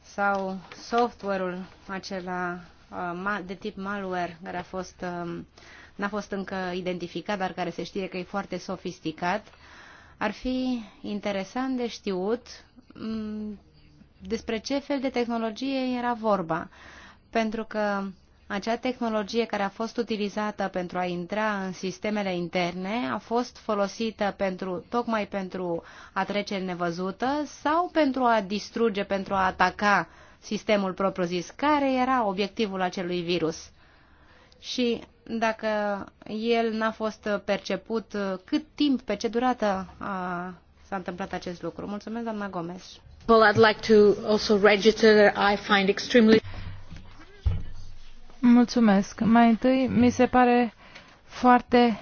sau software-ul acela uh, de tip malware care a fost, um, n-a fost încă identificat, dar care se știe că e foarte sofisticat, ar fi interesant de știut mm, despre ce fel de tehnologie era vorba. Pentru că acea tehnologie care a fost utilizată pentru a intra în sistemele interne a fost folosită pentru, tocmai pentru a trece nevăzută sau pentru a distruge, pentru a ataca sistemul propriu-zis. Care era obiectivul acelui virus? Și dacă el n-a fost perceput, cât timp, pe ce durată a, s-a întâmplat acest lucru? Mulțumesc, doamna Gomes. Well, I'd like to also register that I find extremely Mulțumesc. Mai întâi, mi se pare foarte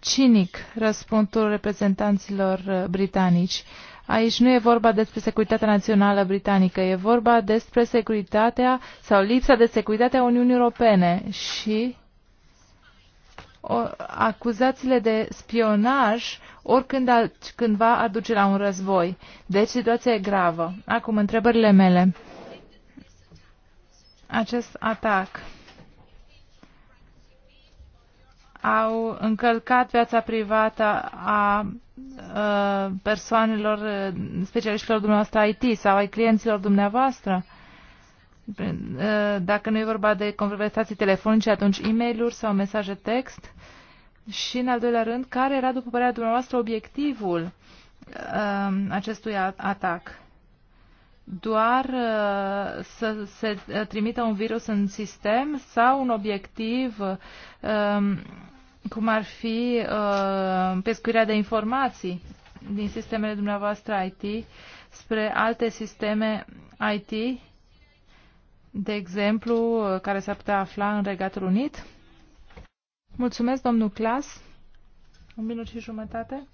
cinic răspunsul reprezentanților uh, britanici. Aici nu e vorba despre securitatea națională britanică, e vorba despre securitatea sau lipsa de securitate a Uniunii Europene și o, acuzațiile de spionaj oricând al, cândva aduce la un război. Deci situația e gravă. Acum, întrebările mele acest atac au încălcat viața privată a persoanelor, specialiștilor dumneavoastră IT sau ai clienților dumneavoastră? Dacă nu e vorba de conversații telefonice, atunci e mail sau mesaje text. Și, în al doilea rând, care era, după părerea dumneavoastră, obiectivul acestui atac? doar uh, să se uh, trimită un virus în sistem sau un obiectiv um, cum ar fi uh, pescuirea de informații din sistemele dumneavoastră IT spre alte sisteme IT, de exemplu, care s-ar putea afla în Regatul Unit? Mulțumesc, domnul Clas. Un minut și jumătate.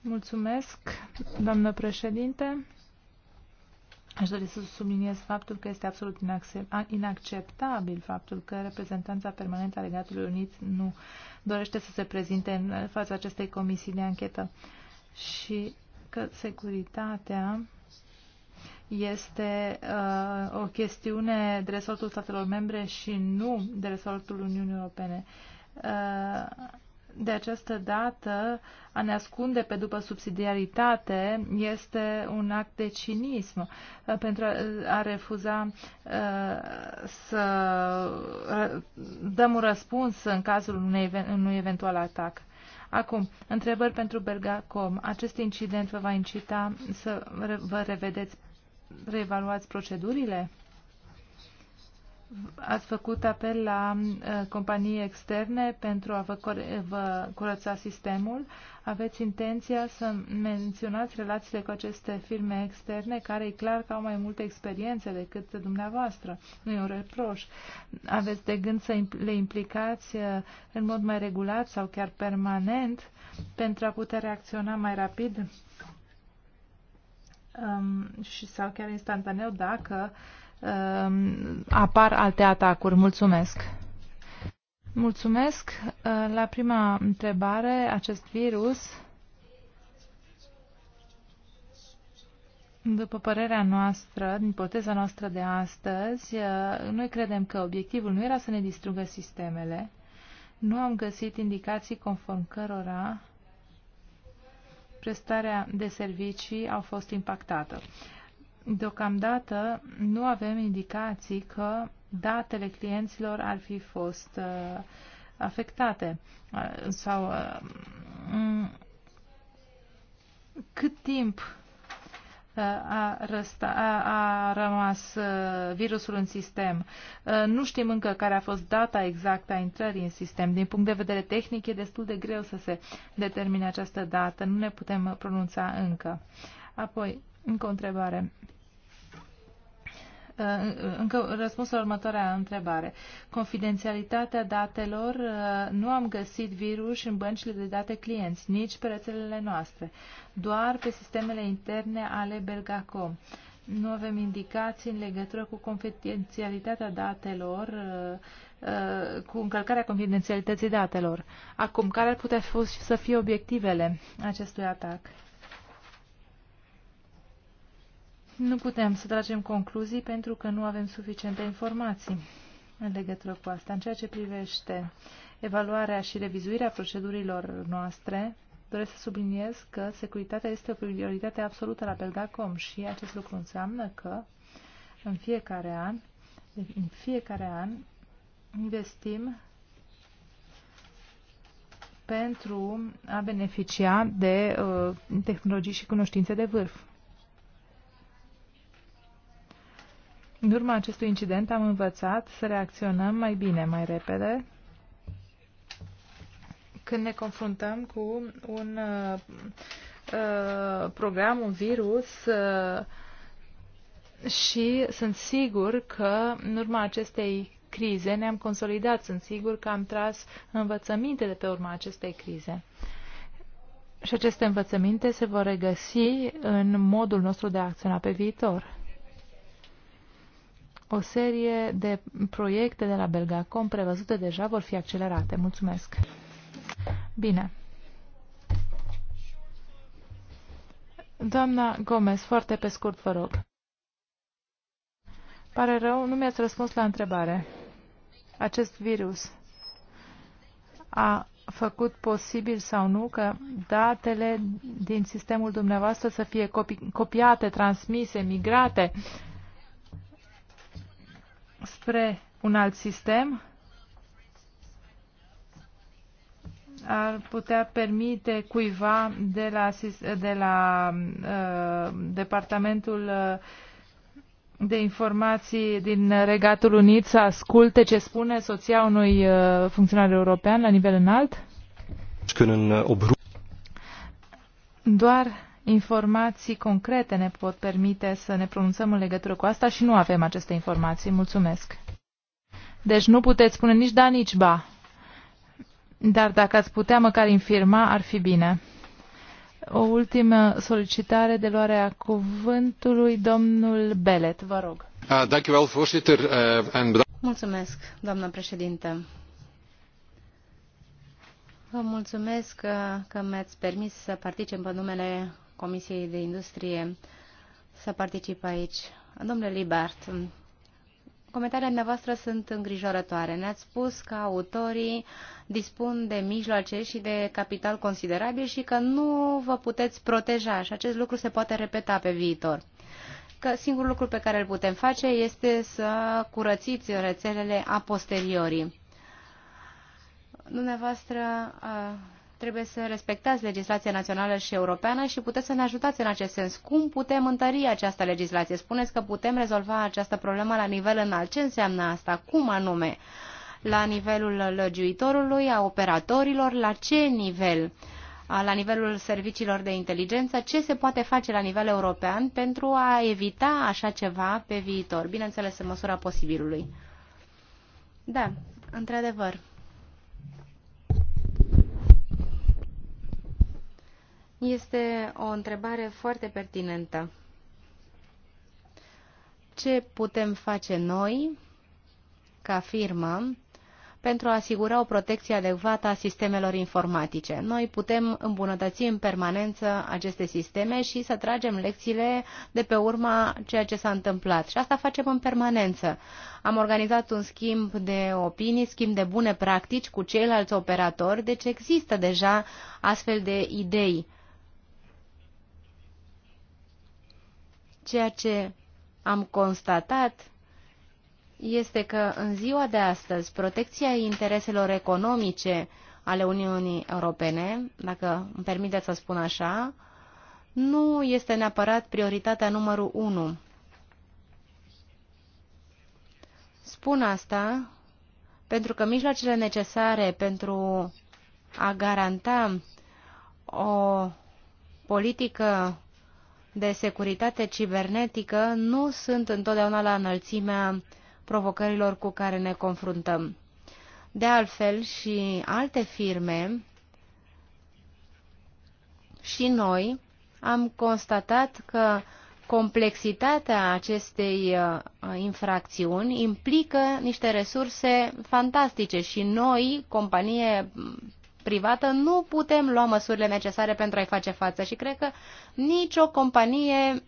Mulțumesc, doamnă președinte. Aș dori să subliniez faptul că este absolut inacceptabil faptul că reprezentanța permanentă a Legatului Unit nu dorește să se prezinte în fața acestei comisii de anchetă și că securitatea este uh, o chestiune de resortul statelor membre și nu de resortul Uniunii Europene. Uh, de această dată a ne ascunde pe după subsidiaritate este un act de cinism uh, pentru a refuza uh, să dăm un răspuns în cazul unui, eventual atac. Acum, întrebări pentru Bergacom. Acest incident vă va incita să vă revedeți, reevaluați procedurile? ați făcut apel la uh, companii externe pentru a vă, vă curăța sistemul. Aveți intenția să menționați relațiile cu aceste firme externe, care e clar că au mai multe experiențe decât dumneavoastră. Nu e un reproș. Aveți de gând să le implicați uh, în mod mai regulat sau chiar permanent pentru a putea reacționa mai rapid um, și sau chiar instantaneu dacă uh, Ehm, apar alte atacuri. Mulțumesc! Mulțumesc! Ehm, la prima întrebare, acest virus, după părerea noastră, din ipoteza noastră de astăzi, ehm, noi credem că obiectivul nu era să ne distrugă sistemele. Nu am găsit indicații conform cărora prestarea de servicii au fost impactată. Deocamdată nu avem indicații că datele clienților ar fi fost uh, afectate uh, sau uh, cât timp a, răsta, a, a rămas virusul în sistem. Nu știm încă care a fost data exactă a intrării în sistem. Din punct de vedere tehnic e destul de greu să se determine această dată. Nu ne putem pronunța încă. Apoi, încă o întrebare. Uh, încă răspunsul la următoarea întrebare. Confidențialitatea datelor. Uh, nu am găsit virus în băncile de date clienți, nici pe rețelele noastre, doar pe sistemele interne ale Belgacom. Nu avem indicații în legătură cu confidențialitatea datelor, uh, cu încălcarea confidențialității datelor. Acum, care ar putea să fie obiectivele acestui atac? Nu putem să tragem concluzii pentru că nu avem suficiente informații în legătură cu asta. În ceea ce privește evaluarea și revizuirea procedurilor noastre, doresc să subliniez că securitatea este o prioritate absolută la Belgacom și acest lucru înseamnă că în fiecare an, în fiecare an investim pentru a beneficia de uh, tehnologii și cunoștințe de vârf. În urma acestui incident am învățat să reacționăm mai bine, mai repede, când ne confruntăm cu un uh, uh, program, un virus uh, și sunt sigur că în urma acestei crize ne-am consolidat, sunt sigur că am tras învățăminte de pe urma acestei crize. Și aceste învățăminte se vor regăsi în modul nostru de a acționa pe viitor o serie de proiecte de la Belgacom prevăzute deja vor fi accelerate. Mulțumesc! Bine. Doamna Gomez, foarte pe scurt, vă rog. Pare rău, nu mi-ați răspuns la întrebare. Acest virus a făcut posibil sau nu că datele din sistemul dumneavoastră să fie copi copiate, transmise, migrate spre un alt sistem ar putea permite cuiva de la, de la uh, Departamentul uh, de Informații din Regatul Unit să asculte ce spune soția unui uh, funcționar european la nivel înalt? Uh, Doar informații concrete ne pot permite să ne pronunțăm în legătură cu asta și nu avem aceste informații. Mulțumesc. Deci nu puteți spune nici da, nici ba. Dar dacă ați putea măcar infirma, ar fi bine. O ultimă solicitare de luare a cuvântului, domnul Belet, vă rog. Ah, eh, mulțumesc, doamnă președintă. Vă mulțumesc eh, că mi-ați permis să particip în numele Comisiei de Industrie să participe aici. Domnule Libert, comentariile noastre sunt îngrijorătoare. Ne-ați spus că autorii dispun de mijloace și de capital considerabil și că nu vă puteți proteja și acest lucru se poate repeta pe viitor că singurul lucru pe care îl putem face este să curățiți rețelele a posteriorii. Dumneavoastră trebuie să respectați legislația națională și europeană și puteți să ne ajutați în acest sens. Cum putem întări această legislație? Spuneți că putem rezolva această problemă la nivel înalt. Ce înseamnă asta? Cum anume? La nivelul legiuitorului, a operatorilor? La ce nivel? la nivelul serviciilor de inteligență, ce se poate face la nivel european pentru a evita așa ceva pe viitor, bineînțeles în măsura posibilului. Da, într-adevăr. Este o întrebare foarte pertinentă. Ce putem face noi, ca firmă, pentru a asigura o protecție adecvată a sistemelor informatice. Noi putem îmbunătăți în permanență aceste sisteme și să tragem lecțiile de pe urma ceea ce s-a întâmplat. Și asta facem în permanență. Am organizat un schimb de opinii, schimb de bune practici cu ceilalți operatori, deci există deja astfel de idei Ceea ce am constatat este că în ziua de astăzi protecția intereselor economice ale Uniunii Europene, dacă îmi permiteți să spun așa, nu este neapărat prioritatea numărul 1. Spun asta pentru că mijloacele necesare pentru a garanta o politică de securitate cibernetică nu sunt întotdeauna la înălțimea provocărilor cu care ne confruntăm. De altfel, și alte firme și noi am constatat că complexitatea acestei uh, infracțiuni implică niște resurse fantastice și noi, companie privată, nu putem lua măsurile necesare pentru a-i face față și cred că nicio companie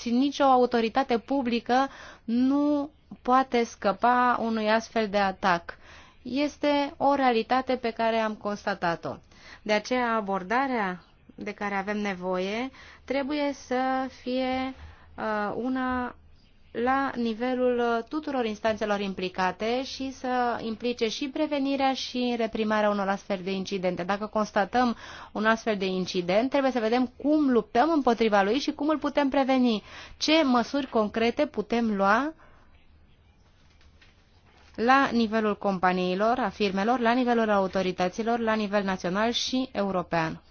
și nicio autoritate publică nu poate scăpa unui astfel de atac. Este o realitate pe care am constatat-o. De aceea abordarea de care avem nevoie trebuie să fie uh, una la nivelul uh, tuturor instanțelor implicate și să implice și prevenirea și reprimarea unor astfel de incidente. Dacă constatăm un astfel de incident, trebuie să vedem cum luptăm împotriva lui și cum îl putem preveni. Ce măsuri concrete putem lua la nivelul companiilor, a firmelor, la nivelul autorităților, la nivel național și european.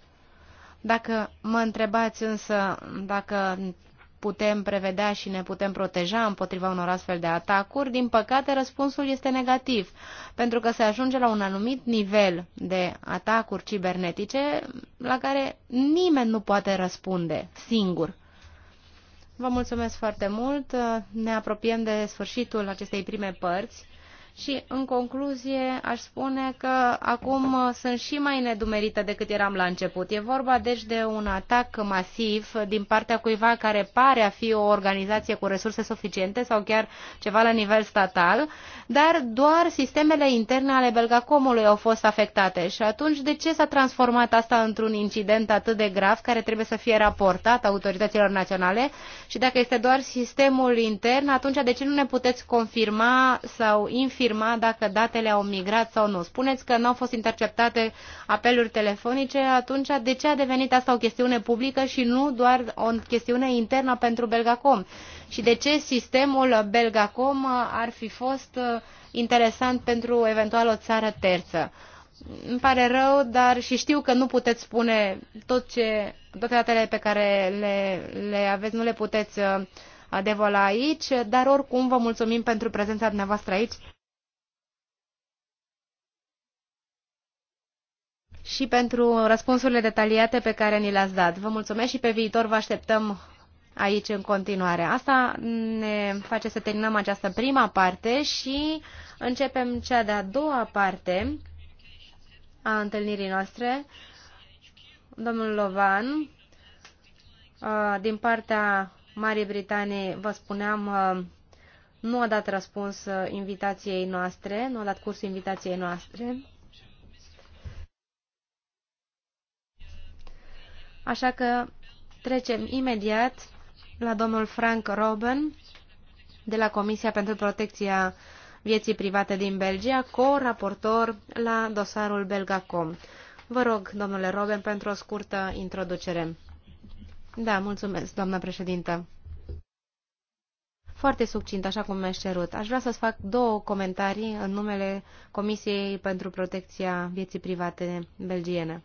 Dacă mă întrebați însă dacă putem prevedea și ne putem proteja împotriva unor astfel de atacuri, din păcate răspunsul este negativ, pentru că se ajunge la un anumit nivel de atacuri cibernetice la care nimeni nu poate răspunde singur. Vă mulțumesc foarte mult, ne apropiem de sfârșitul acestei prime părți și, în concluzie, aș spune că acum uh, sunt și mai nedumerită decât eram la început. E vorba, deci, de un atac masiv din partea cuiva care pare a fi o organizație cu resurse suficiente sau chiar ceva la nivel statal, dar doar sistemele interne ale Belgacomului au fost afectate. Și atunci, de ce s-a transformat asta într-un incident atât de grav care trebuie să fie raportat autorităților naționale? Și dacă este doar sistemul intern, atunci de ce nu ne puteți confirma sau infirma confirma dacă datele au migrat sau nu. Spuneți că nu au fost interceptate apeluri telefonice, atunci de ce a devenit asta o chestiune publică și nu doar o chestiune internă pentru Belgacom? Și de ce sistemul Belgacom ar fi fost uh, interesant pentru eventual o țară terță? Îmi pare rău, dar și știu că nu puteți spune tot ce, toate datele pe care le, le aveți, nu le puteți uh, devola aici, dar oricum vă mulțumim pentru prezența dumneavoastră aici și pentru răspunsurile detaliate pe care ni le-ați dat. Vă mulțumesc și pe viitor vă așteptăm aici în continuare. Asta ne face să terminăm această prima parte și începem cea de-a doua parte a întâlnirii noastre. Domnul Lovan, uh, din partea Marii Britanii, vă spuneam, uh, nu a dat răspuns uh, invitației noastre, nu a dat curs invitației noastre. Așa că trecem imediat la domnul Frank Robben, de la Comisia pentru Protecția Vieții Private din Belgia, co-raportor la dosarul Belgacom. Vă rog, domnule Robben pentru o scurtă introducere. Da, mulțumesc, doamnă președintă. Foarte succint, așa cum mi-aș cerut. Aș vrea să-ți fac două comentarii în numele Comisiei pentru Protecția Vieții Private Belgiene.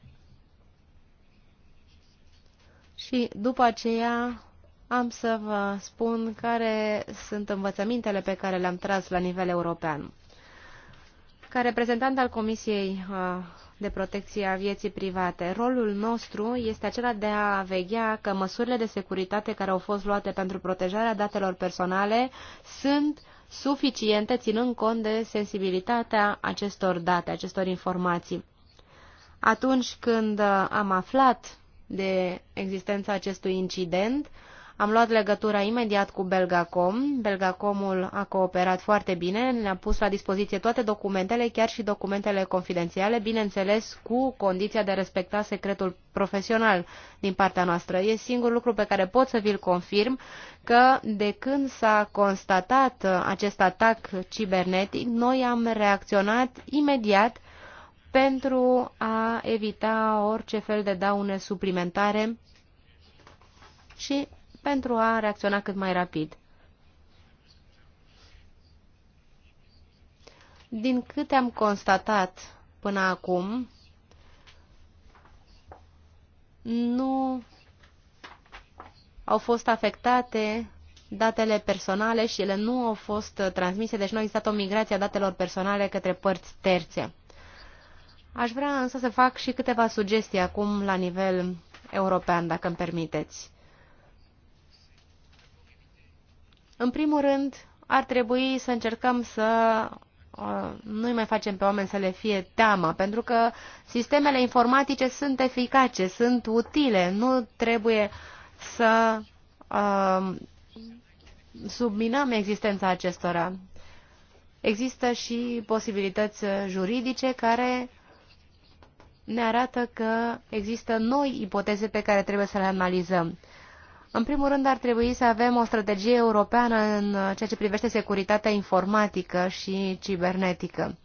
Și după aceea am să vă spun care sunt învățămintele pe care le-am tras la nivel european. Ca reprezentant al Comisiei uh, de Protecție a Vieții Private, rolul nostru este acela de a veghea că măsurile de securitate care au fost luate pentru protejarea datelor personale sunt suficiente, ținând cont de sensibilitatea acestor date, acestor informații. Atunci când uh, am aflat de existența acestui incident. Am luat legătura imediat cu Belgacom. Belgacomul a cooperat foarte bine, ne-a pus la dispoziție toate documentele, chiar și documentele confidențiale, bineînțeles cu condiția de a respecta secretul profesional din partea noastră. E singurul lucru pe care pot să vi-l confirm că de când s-a constatat acest atac cibernetic, noi am reacționat imediat pentru a evita orice fel de daune suplimentare și pentru a reacționa cât mai rapid. Din câte am constatat până acum, nu au fost afectate datele personale și ele nu au fost transmise, deci nu a existat o migrație a datelor personale către părți terțe. Aș vrea însă să fac și câteva sugestii acum la nivel european, dacă îmi permiteți. În primul rând, ar trebui să încercăm să uh, nu mai facem pe oameni să le fie teamă, pentru că sistemele informatice sunt eficace, sunt utile, nu trebuie să uh, subminăm existența acestora. Există și posibilități juridice care ne arată că există noi ipoteze pe care trebuie să le analizăm. În primul rând, ar trebui să avem o strategie europeană în ceea ce privește securitatea informatică și cibernetică.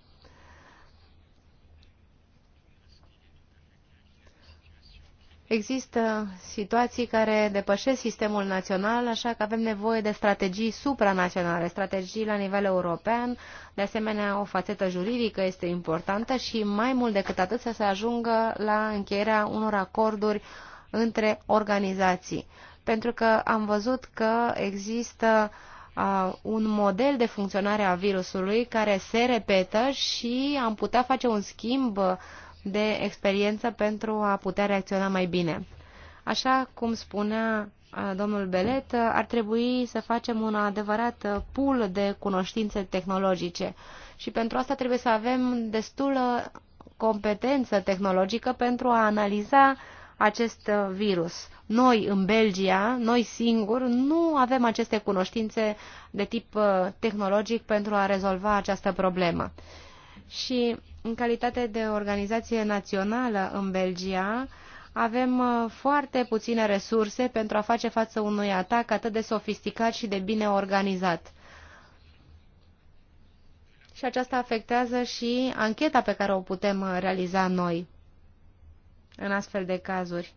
Există situații care depășesc sistemul național, așa că avem nevoie de strategii supranaționale, strategii la nivel european. De asemenea, o fațetă juridică este importantă și mai mult decât atât să se ajungă la încheierea unor acorduri între organizații. Pentru că am văzut că există uh, un model de funcționare a virusului care se repetă și am putea face un schimb de experiență pentru a putea reacționa mai bine. Așa cum spunea domnul Belet, ar trebui să facem un adevărat pool de cunoștințe tehnologice și pentru asta trebuie să avem destulă competență tehnologică pentru a analiza acest virus. Noi, în Belgia, noi singuri, nu avem aceste cunoștințe de tip tehnologic pentru a rezolva această problemă. Și în calitate de organizație națională în Belgia, avem uh, foarte puține resurse pentru a face față unui atac atât de sofisticat și de bine organizat. Și aceasta afectează și ancheta pe care o putem uh, realiza noi în astfel de cazuri.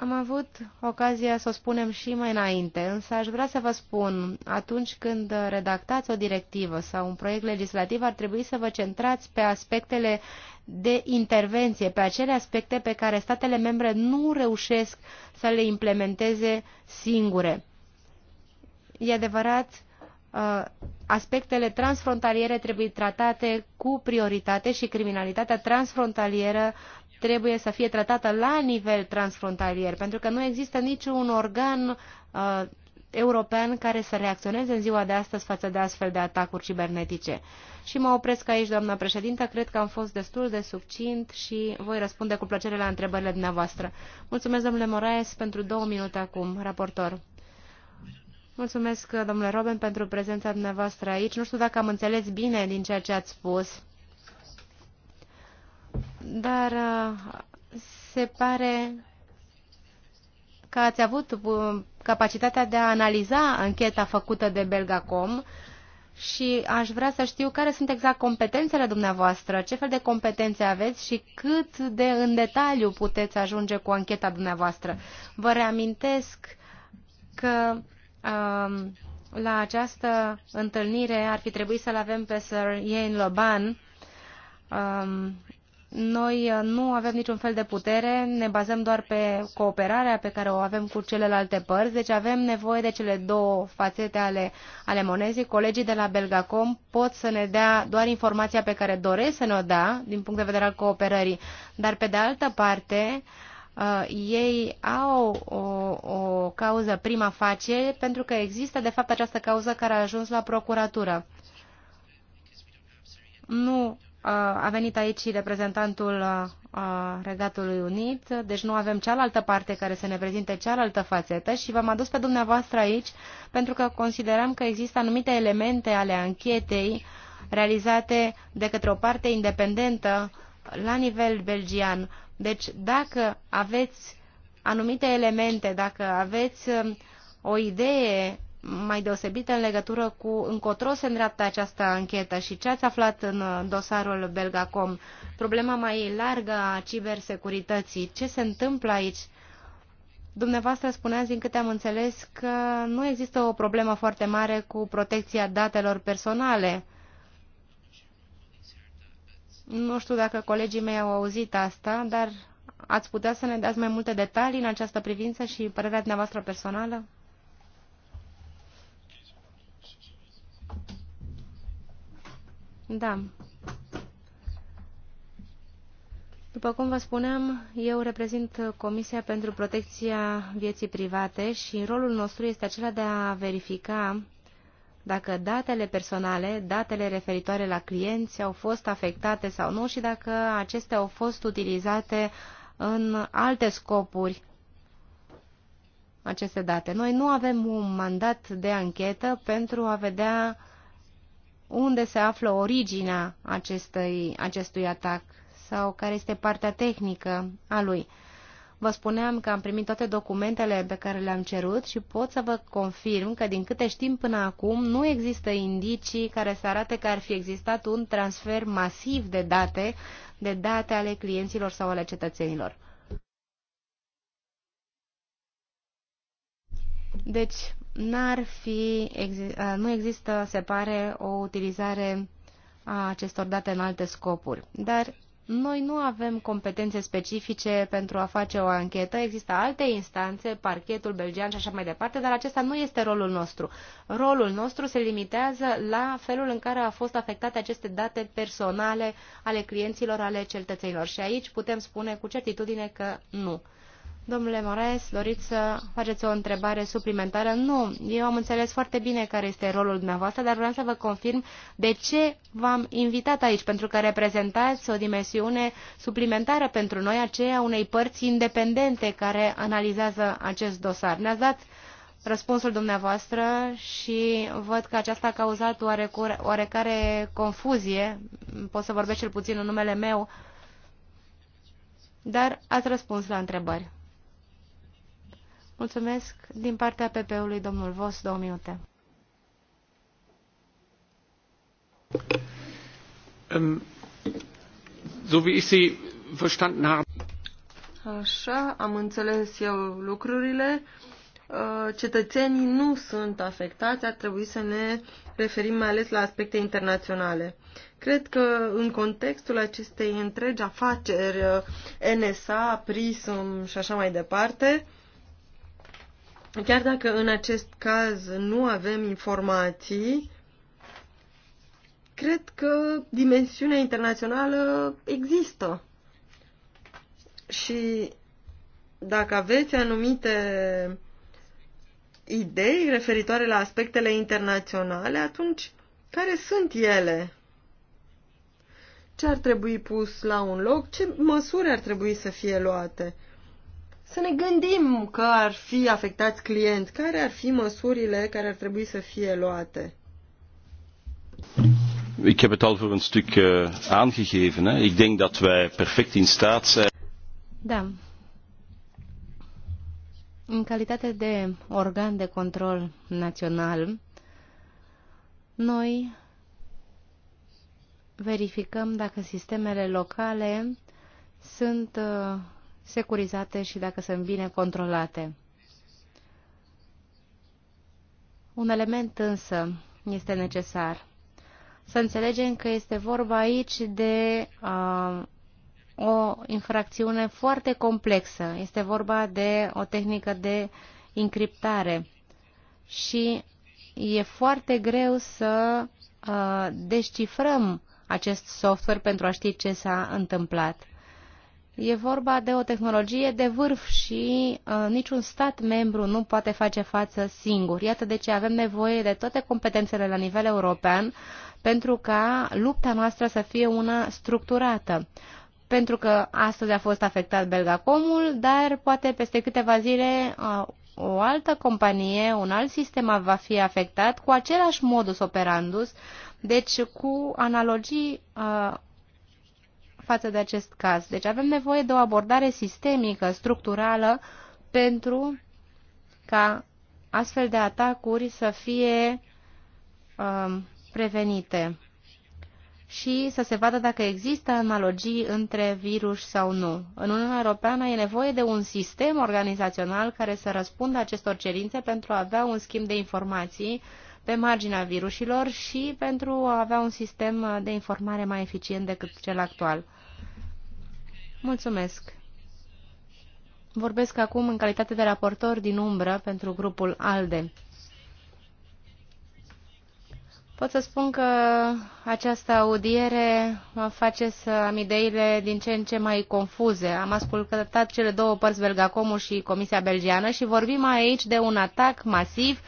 Am avut ocazia să o spunem și mai înainte, însă aș vrea să vă spun, atunci când redactați o directivă sau un proiect legislativ, ar trebui să vă centrați pe aspectele de intervenție, pe acele aspecte pe care statele membre nu reușesc să le implementeze singure. E adevărat, uh, aspectele transfrontaliere trebuie tratate cu prioritate și criminalitatea transfrontalieră trebuie să fie tratată la nivel transfrontalier, pentru că nu există niciun organ uh, european care să reacționeze în ziua de astăzi față de astfel de atacuri cibernetice. Și mă opresc aici, doamna președintă, cred că am fost destul de subțint și voi răspunde cu plăcere la întrebările dumneavoastră. Mulțumesc, domnule Moraes, pentru două minute acum, raportor. Mulțumesc, domnule Robin, pentru prezența dumneavoastră aici. Nu știu dacă am înțeles bine din ceea ce ați spus dar uh, se pare că ați avut uh, capacitatea de a analiza ancheta făcută de Belgacom și aș vrea să știu care sunt exact competențele dumneavoastră, ce fel de competențe aveți și cât de în detaliu puteți ajunge cu ancheta dumneavoastră. Vă reamintesc că um, la această întâlnire ar fi trebuit să-l avem pe Sir Ian Loban, um, noi uh, nu avem niciun fel de putere, ne bazăm doar pe cooperarea pe care o avem cu celelalte părți, deci avem nevoie de cele două fațete ale, ale monezii. Colegii de la Belgacom pot să ne dea doar informația pe care doresc să ne-o dea din punct de vedere al cooperării, dar pe de altă parte uh, ei au o, o cauză prima facie pentru că există de fapt această cauză care a ajuns la procuratură. Nu a venit aici și reprezentantul Regatului Unit, deci nu avem cealaltă parte care să ne prezinte cealaltă fațetă și v-am adus pe dumneavoastră aici pentru că considerăm că există anumite elemente ale anchetei realizate de către o parte independentă la nivel belgian. Deci dacă aveți anumite elemente, dacă aveți um, o idee mai deosebite în legătură cu încotro se îndreaptă această anchetă și ce ați aflat în uh, dosarul Belgacom, problema mai largă a cibersecurității, ce se întâmplă aici? Dumneavoastră spuneați, din câte am înțeles, că nu există o problemă foarte mare cu protecția datelor personale. Nu știu dacă colegii mei au auzit asta, dar ați putea să ne dați mai multe detalii în această privință și părerea dumneavoastră personală? Da. După cum vă spuneam, eu reprezint Comisia pentru Protecția Vieții Private și rolul nostru este acela de a verifica dacă datele personale, datele referitoare la clienți au fost afectate sau nu și dacă acestea au fost utilizate în alte scopuri aceste date. Noi nu avem un mandat de anchetă pentru a vedea unde se află originea acestui, acestui atac sau care este partea tehnică a lui. Vă spuneam că am primit toate documentele pe care le-am cerut și pot să vă confirm că, din câte știm până acum, nu există indicii care să arate că ar fi existat un transfer masiv de date, de date ale clienților sau ale cetățenilor. Deci, n-ar fi, nu există, se pare, o utilizare a acestor date în alte scopuri. Dar noi nu avem competențe specifice pentru a face o anchetă, există alte instanțe, parchetul belgian și așa mai departe, dar acesta nu este rolul nostru. Rolul nostru se limitează la felul în care au fost afectate aceste date personale ale clienților, ale cetățenilor și aici putem spune cu certitudine că nu Domnule Moraes, doriți să faceți o întrebare suplimentară? Nu, eu am înțeles foarte bine care este rolul dumneavoastră, dar vreau să vă confirm de ce v-am invitat aici, pentru că reprezentați o dimensiune suplimentară pentru noi, aceea unei părți independente care analizează acest dosar. Ne-ați dat răspunsul dumneavoastră și văd că aceasta a cauzat oarecare confuzie, pot să vorbesc cel puțin în numele meu, dar ați răspuns la întrebări. Mulțumesc din partea PP-ului, domnul Vos, două minute. Um, so wie ich Sie verstanden habe. Așa am înțeles eu lucrurile. Äh, cetățenii nu sunt afectați, ar trebui să ne referim mai ales la aspecte internaționale. Cred că în contextul acestei întregi afaceri, äh, NSA, Prism și așa mai departe, Chiar dacă în acest caz nu avem informații, cred că dimensiunea internațională există. Și dacă aveți anumite idei referitoare la aspectele internaționale, atunci care sunt ele? Ce ar trebui pus la un loc? Ce măsuri ar trebui să fie luate? să ne gândim că ar fi afectați clienți. Care ar fi măsurile care ar trebui să fie luate? Ik heb het al voor een stuk uh, aangegeven. Hè. Ik denk dat wij perfect in staat zijn. Da. In calitate de organ de control național, noi verificăm dacă sistemele locale sunt uh, securizate și dacă sunt bine controlate. Un element însă este necesar. Să înțelegem că este vorba aici de a, o infracțiune foarte complexă. Este vorba de o tehnică de încriptare și e foarte greu să a, descifrăm acest software pentru a ști ce s-a întâmplat. E vorba de o tehnologie de vârf și uh, niciun stat membru nu poate face față singur. Iată de ce avem nevoie de toate competențele la nivel european pentru ca lupta noastră să fie una structurată. Pentru că astăzi a fost afectat Belgacomul, dar poate peste câteva zile uh, o altă companie, un alt sistem va fi afectat cu același modus operandus, deci cu analogii uh, față de acest caz. Deci avem nevoie de o abordare sistemică, structurală, pentru ca astfel de atacuri să fie uh, prevenite și să se vadă dacă există analogii între virus sau nu. În Uniunea Europeană e nevoie de un sistem organizațional care să răspundă acestor cerințe pentru a avea un schimb de informații pe marginea virusilor și pentru a avea un sistem de informare mai eficient decât cel actual. Mulțumesc. Vorbesc acum în calitate de raportor din umbră pentru grupul ALDE. Pot să spun că această audiere mă face să am ideile din ce în ce mai confuze. Am ascultat cele două părți, Belgacomul și Comisia Belgiană, și vorbim aici de un atac masiv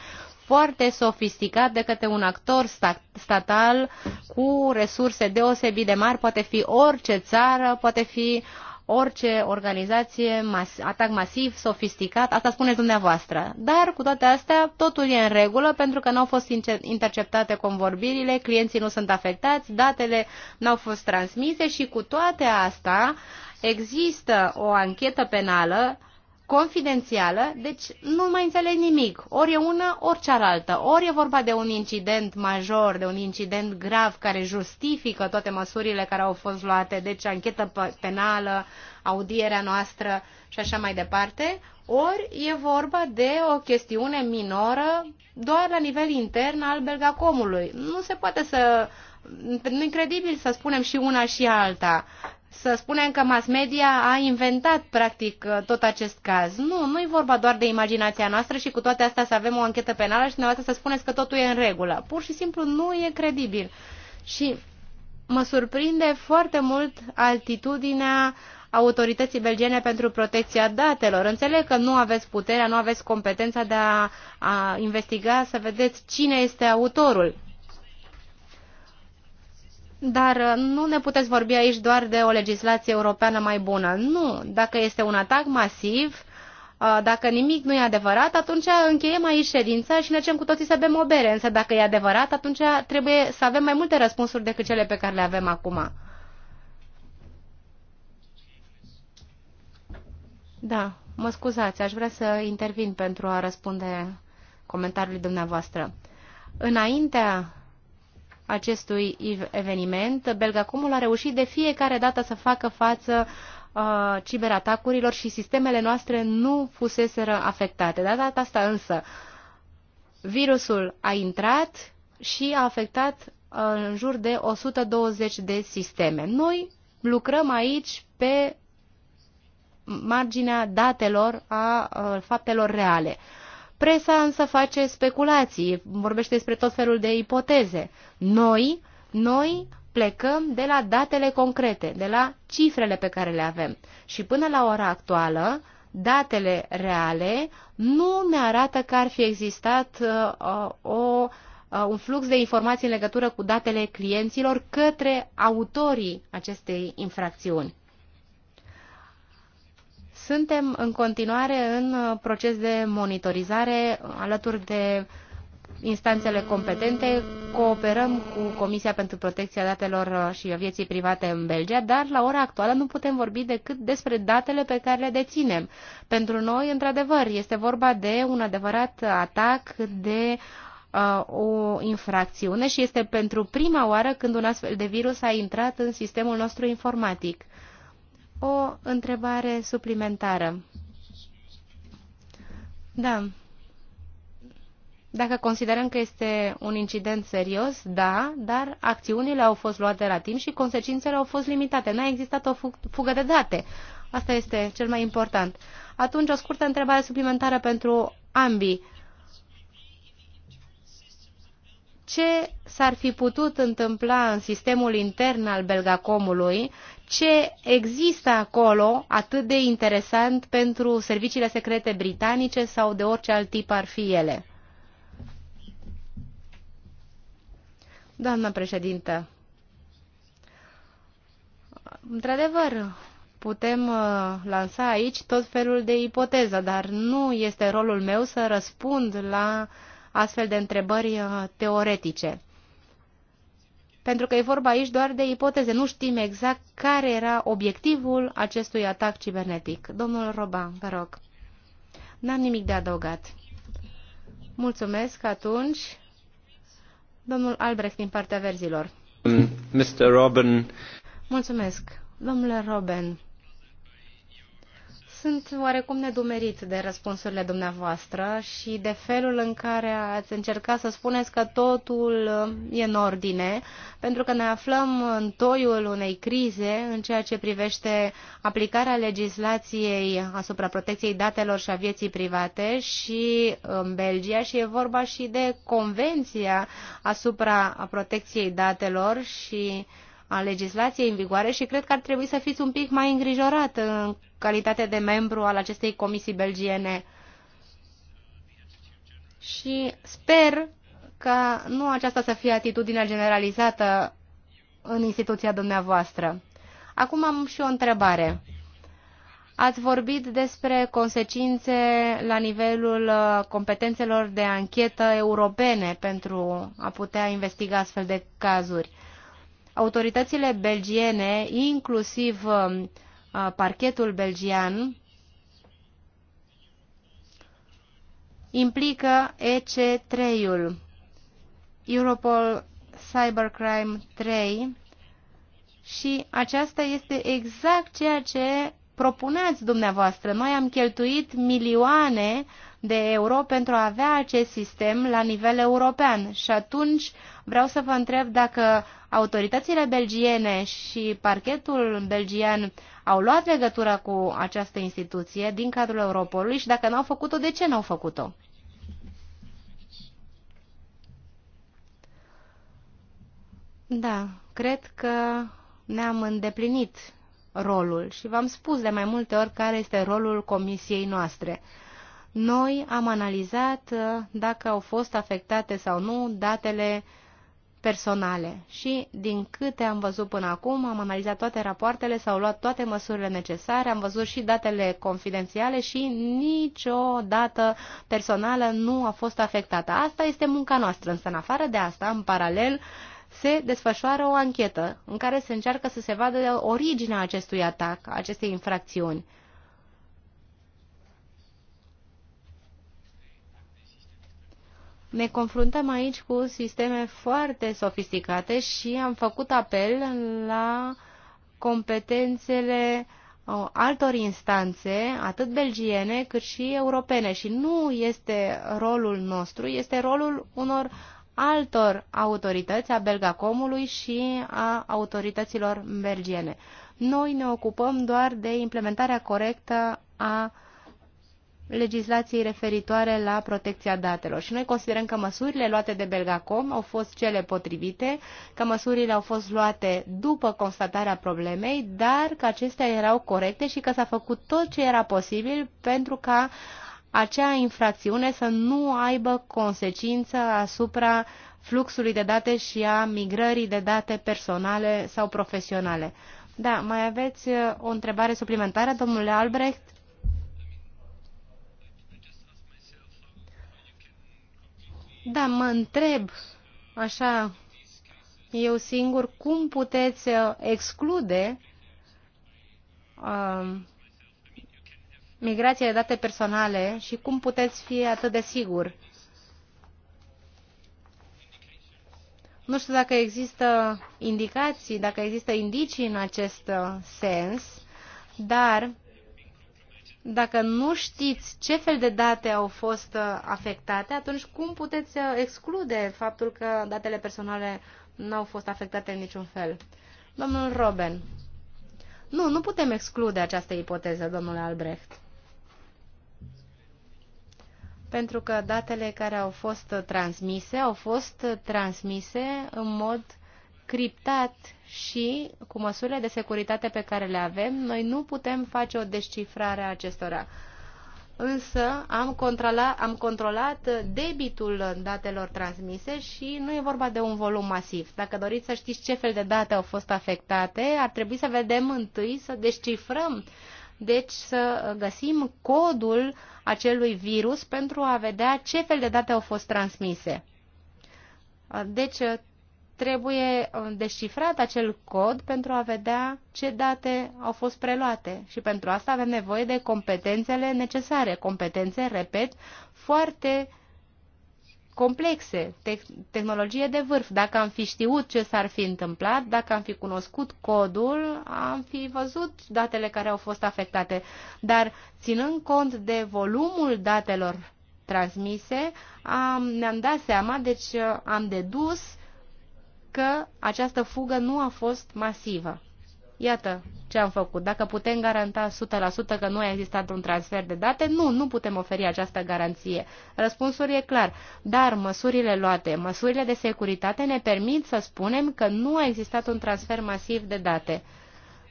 foarte sofisticat de către un actor statal cu resurse deosebit de mari, poate fi orice țară, poate fi orice organizație, mas- atac masiv, sofisticat, asta spuneți dumneavoastră. Dar, cu toate astea, totul e în regulă pentru că nu au fost interceptate convorbirile, clienții nu sunt afectați, datele nu au fost transmise și, cu toate astea, există o anchetă penală confidențială, deci nu mai înțeleg nimic. Ori e una, ori cealaltă. Ori e vorba de un incident major, de un incident grav care justifică toate măsurile care au fost luate, deci anchetă penală, audierea noastră și așa mai departe, ori e vorba de o chestiune minoră doar la nivel intern al Belgacomului. Nu se poate să... Nu incredibil să spunem și una și alta să spunem că mass media a inventat practic tot acest caz. Nu, nu e vorba doar de imaginația noastră și cu toate astea să avem o anchetă penală și dumneavoastră să spuneți că totul e în regulă. Pur și simplu nu e credibil. Și mă surprinde foarte mult altitudinea autorității belgiene pentru protecția datelor. Înțeleg că nu aveți puterea, nu aveți competența de a, a investiga, să vedeți cine este autorul. Dar uh, nu ne puteți vorbi aici doar de o legislație europeană mai bună. Nu, dacă este un atac masiv, uh, dacă nimic nu e adevărat, atunci încheiem aici ședința și ne cerem cu toții să bem o bere. Însă dacă e adevărat, atunci trebuie să avem mai multe răspunsuri decât cele pe care le avem acum. Da, mă scuzați, aș vrea să intervin pentru a răspunde comentariului dumneavoastră. Înaintea acestui eveniment, Belgacomul a reușit de fiecare dată să facă față uh, ciberatacurilor și sistemele noastre nu fuseseră afectate. De data asta însă, virusul a intrat și a afectat uh, în jur de 120 de sisteme. Noi lucrăm aici pe marginea datelor a uh, faptelor reale. Uh, Presa însă face speculații, vorbește despre tot felul de ipoteze. Noi, noi plecăm de la datele concrete, de la cifrele pe care le avem. Și până la ora actuală, datele reale nu ne arată că ar fi existat uh, uh o, uh, un flux de informații în legătură cu datele clienților către autorii acestei infracțiuni. Suntem în continuare în uh, proces de monitorizare alături de instanțele competente, cooperăm cu Comisia pentru Protecția Datelor uh, și Vieții Private în Belgia, dar la ora actuală nu putem vorbi decât despre datele pe care le deținem. Pentru noi, într-adevăr, este vorba de un adevărat atac de uh, o infracțiune și este pentru prima oară când un astfel de virus a intrat în sistemul nostru informatic o întrebare suplimentară. Da. Dacă considerăm că este un incident serios, da, dar acțiunile au fost luate la timp și consecințele au fost limitate. Nu a existat o fugă de date. Asta este cel mai important. Atunci, o scurtă întrebare suplimentară pentru ambii. Ce s-ar fi putut întâmpla în sistemul intern al Belgacomului? ce există acolo atât de interesant pentru serviciile secrete britanice sau de orice alt tip ar fi ele. Doamna președintă, într-adevăr, putem uh, lansa aici tot felul de ipoteză, dar nu este rolul meu să răspund la astfel de întrebări uh, teoretice pentru că e vorba aici doar de ipoteze. Nu știm exact care era obiectivul acestui atac cibernetic. Domnul Roban, vă rog. N-am nimic de adăugat. Mulțumesc atunci. Domnul Albrecht din partea verzilor. Mr. Mm, Robin. Mulțumesc. Domnule Robin, sunt oarecum nedumerit de răspunsurile dumneavoastră și de felul în care ați încercat să spuneți că totul uh, e în ordine, pentru că ne aflăm în toiul unei crize în ceea ce privește aplicarea legislației asupra protecției datelor și a vieții private și uh, în Belgia și e vorba și de convenția asupra protecției datelor și a legislației în vigoare și cred că ar trebui să fiți un pic mai îngrijorat în calitate de membru al acestei comisii belgiene. Și sper că nu aceasta să fie atitudinea generalizată în instituția dumneavoastră. Acum am și o întrebare. Ați vorbit despre consecințe la nivelul uh, competențelor de anchetă europene pentru a putea investiga astfel de cazuri autoritățile belgiene, inclusiv um, parchetul belgian, implică EC3-ul, Europol Cybercrime 3, și aceasta este exact ceea ce propuneați dumneavoastră. Noi am cheltuit milioane de euro pentru a avea acest sistem la nivel european și atunci uh, Vreau să vă întreb dacă autoritățile belgiene și parchetul belgian au luat legătura cu această instituție din cadrul Europolului și dacă n-au făcut-o, de ce n-au făcut-o? Da, cred că ne-am îndeplinit rolul și v-am spus de mai multe ori care este rolul comisiei noastre. Noi am analizat uh, dacă au fost afectate sau nu datele personale și, din câte am văzut până acum, am analizat toate rapoartele, s-au luat toate măsurile necesare, am văzut și datele confidențiale și nicio dată personală nu a fost afectată. Asta este munca noastră, însă în afară de asta, în paralel, se desfășoară o anchetă în care se încearcă să se vadă originea acestui atac, acestei infracțiuni. ne confruntăm aici cu sisteme foarte sofisticate și am făcut apel la competențele uh, altor instanțe, atât belgiene cât și europene. Și nu este rolul nostru, este rolul unor altor autorități, a Belgacomului și a autorităților belgiene. Noi ne ocupăm doar de implementarea corectă a legislației referitoare la protecția datelor. Și noi considerăm că măsurile luate de Belgacom au fost cele potrivite, că măsurile au fost luate după constatarea problemei, dar că acestea erau corecte și că s-a făcut tot ce era posibil pentru ca acea infracțiune să nu aibă consecință asupra fluxului de date și a migrării de date personale sau profesionale. Da, mai aveți uh, o întrebare suplimentară, domnule Albrecht? Da, mă întreb așa eu singur cum puteți uh, exclude uh, migrația de date personale și cum puteți fi atât de sigur. Nu știu dacă există indicații, dacă există indicii în acest uh, sens, dar dacă nu știți ce fel de date au fost uh, afectate, atunci cum puteți uh, exclude faptul că datele personale nu au fost afectate în niciun fel? Domnul Roben. Nu, nu putem exclude această ipoteză, domnule Albrecht. Pentru că datele care au fost uh, transmise au fost transmise în mod criptat și cu măsurile de securitate pe care le avem, noi nu putem face o descifrare a acestora. Însă am, controla, am controlat debitul datelor transmise și nu e vorba de un volum masiv. Dacă doriți să știți ce fel de date au fost afectate, ar trebui să vedem întâi, să descifrăm deci să găsim codul acelui virus pentru a vedea ce fel de date au fost transmise. Deci trebuie uh, descifrat acel cod pentru a vedea ce date au fost preluate și pentru asta avem nevoie de competențele necesare, competențe, repet, foarte complexe, te tehnologie de vârf. Dacă am fi știut ce s-ar fi întâmplat, dacă am fi cunoscut codul, am fi văzut datele care au fost afectate. Dar ținând cont de volumul datelor transmise, am, ne-am dat seama, deci am dedus că această fugă nu a fost masivă. Iată ce am făcut. Dacă putem garanta 100% că nu a existat un transfer de date, nu, nu putem oferi această garanție. Răspunsul e clar. Dar măsurile luate, măsurile de securitate ne permit să spunem că nu a existat un transfer masiv de date.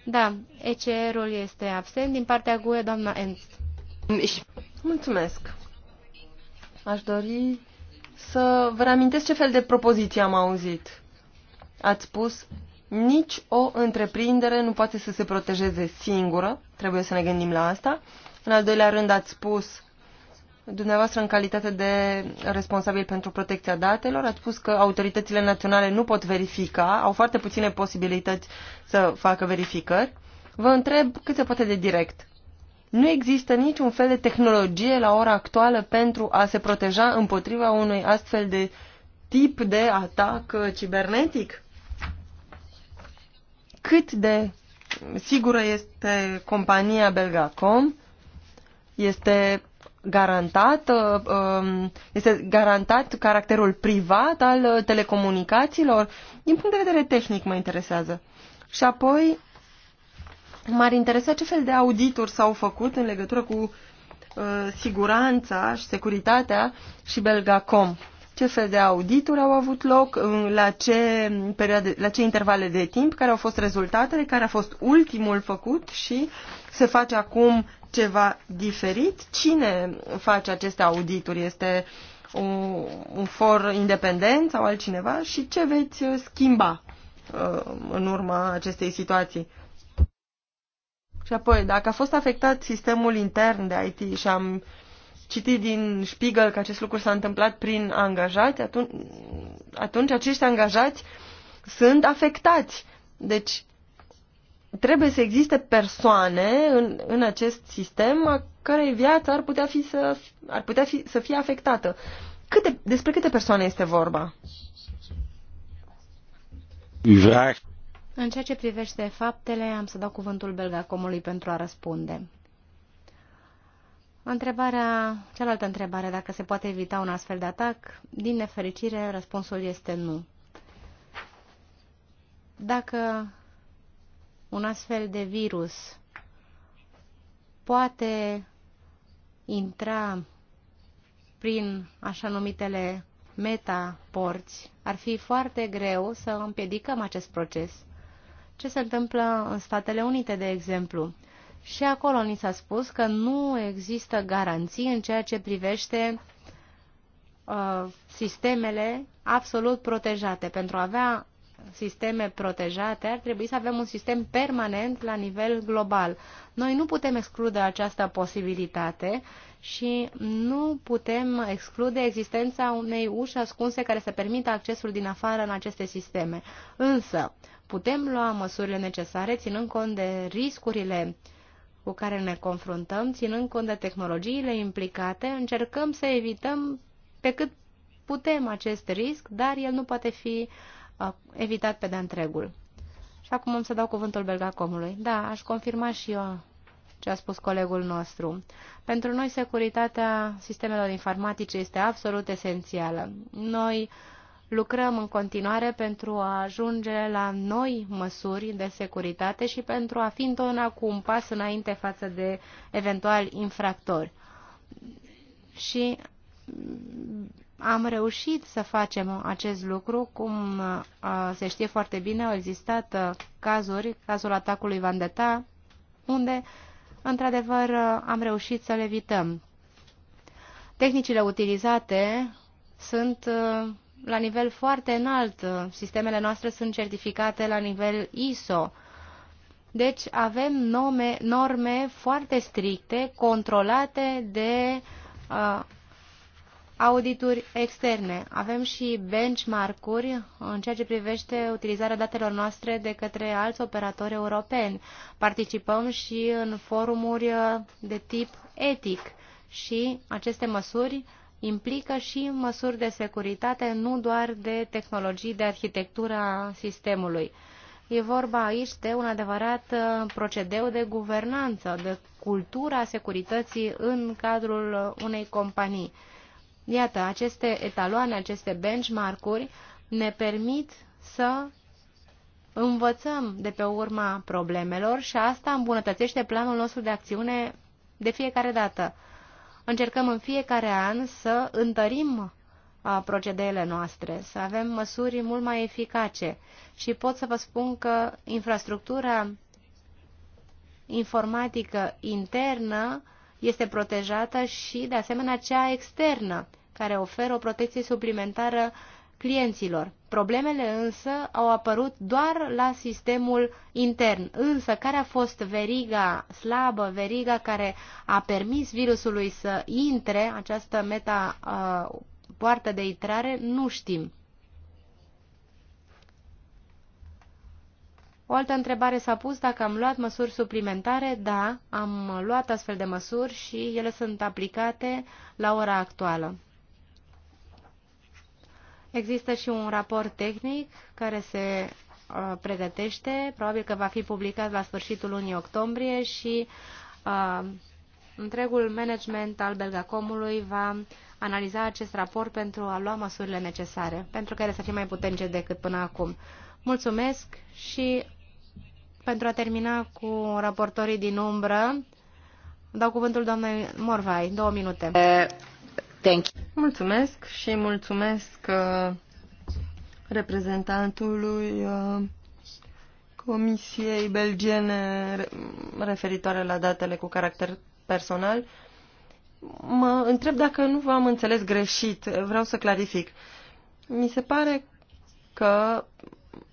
Da, ECR-ul este absent din partea GUE, doamna Enz. Mulțumesc. Aș dori să vă reamintesc ce fel de propoziție am auzit ați spus nici o întreprindere nu poate să se protejeze singură, trebuie să ne gândim la asta. În al doilea rând ați spus, dumneavoastră în calitate de responsabil pentru protecția datelor, ați spus că autoritățile naționale nu pot verifica, au foarte puține posibilități să facă verificări. Vă întreb cât se poate de direct. Nu există niciun fel de tehnologie la ora actuală pentru a se proteja împotriva unui astfel de tip de atac cibernetic? cât de sigură este compania Belgacom, este garantat, um, este garantat caracterul privat al uh, telecomunicațiilor? Din punct de vedere tehnic mă interesează. Și apoi m-ar interesa ce fel de audituri s-au făcut în legătură cu uh, siguranța și securitatea și Belgacom ce fel de audituri au avut loc, la ce, perioade, la ce intervale de timp, care au fost rezultatele, care a fost ultimul făcut și se face acum ceva diferit. Cine face aceste audituri? Este un, un for independent sau altcineva? Și ce veți schimba uh, în urma acestei situații? Și apoi, dacă a fost afectat sistemul intern de IT și am citit din Spiegel că acest lucru s-a întâmplat prin angajați, atunci, atunci acești angajați sunt afectați. Deci trebuie să existe persoane în, în acest sistem a cărei viață ar putea fi să, ar putea fi, să fie afectată. Câte, despre câte persoane este vorba? În ceea ce privește faptele, am să dau cuvântul Belgacomului pentru a răspunde. Întrebarea, cealaltă întrebare, dacă se poate evita un astfel de atac, din nefericire, răspunsul este nu. Dacă un astfel de virus poate intra prin așa numitele metaporți, ar fi foarte greu să împiedicăm acest proces. Ce se întâmplă în Statele Unite, de exemplu? și acolo ni s-a spus că nu există garanții în ceea ce privește uh, sistemele absolut protejate. Pentru a avea sisteme protejate, ar trebui să avem un sistem permanent la nivel global. Noi nu putem exclude această posibilitate și nu putem exclude existența unei uși ascunse care să permită accesul din afară în aceste sisteme. Însă, putem lua măsurile necesare ținând cont de riscurile uh, cu care ne confruntăm, ținând cont de tehnologiile implicate, încercăm să evităm pe cât putem acest risc, dar el nu poate fi uh, evitat pe de întregul. Și acum am să dau cuvântul Belgacomului. Da, aș confirma și eu ce a spus colegul nostru. Pentru noi, securitatea sistemelor informatice este absolut esențială. Noi uh, Lucrăm în continuare pentru a ajunge la noi măsuri de securitate și pentru a fi întotdeauna cu un pas înainte față de eventuali infractori. Și am reușit să facem acest lucru, cum se știe foarte bine, au existat cazuri, cazul atacului Vandeta, unde, într-adevăr, am reușit să le evităm. Tehnicile utilizate sunt la nivel foarte înalt. Uh, sistemele noastre sunt certificate la nivel ISO. Deci avem norme, norme foarte stricte, controlate de uh, audituri externe. Avem și benchmark-uri în ceea ce privește utilizarea datelor noastre de către alți operatori europeni. Participăm și în forumuri uh, de tip etic și aceste măsuri uh, implică și măsuri de securitate, nu doar de tehnologii de arhitectură a sistemului. E vorba aici de un adevărat uh, procedeu de guvernanță, de cultura securității în cadrul uh, unei companii. Iată, aceste etaloane, aceste benchmark-uri ne permit să învățăm de pe urma problemelor și asta îmbunătățește planul nostru de acțiune de fiecare dată încercăm în fiecare an să întărim procedeele noastre, să avem măsuri mult mai eficace. Și pot să vă spun că infrastructura informatică internă este protejată și, de asemenea, cea externă, care oferă o protecție suplimentară clienților. Problemele însă au apărut doar la sistemul intern. Însă, care a fost veriga slabă, veriga care a permis virusului să intre, această meta uh, poartă de intrare, nu știm. O altă întrebare s-a pus dacă am luat măsuri suplimentare. Da, am luat astfel de măsuri și ele sunt aplicate la ora actuală. Există și un raport tehnic care se uh, pregătește, probabil că va fi publicat la sfârșitul lunii octombrie și uh, întregul management al Belgacomului va analiza acest raport pentru a lua măsurile necesare, pentru care să fie mai puternice decât până acum. Mulțumesc și pentru a termina cu raportorii din umbră, dau cuvântul doamnei Morvai, două minute. E eh, Thank you. Mulțumesc și mulțumesc uh, reprezentantului uh, Comisiei Belgiene referitoare la datele cu caracter personal. Mă întreb dacă nu v-am înțeles greșit. Vreau să clarific. Mi se pare că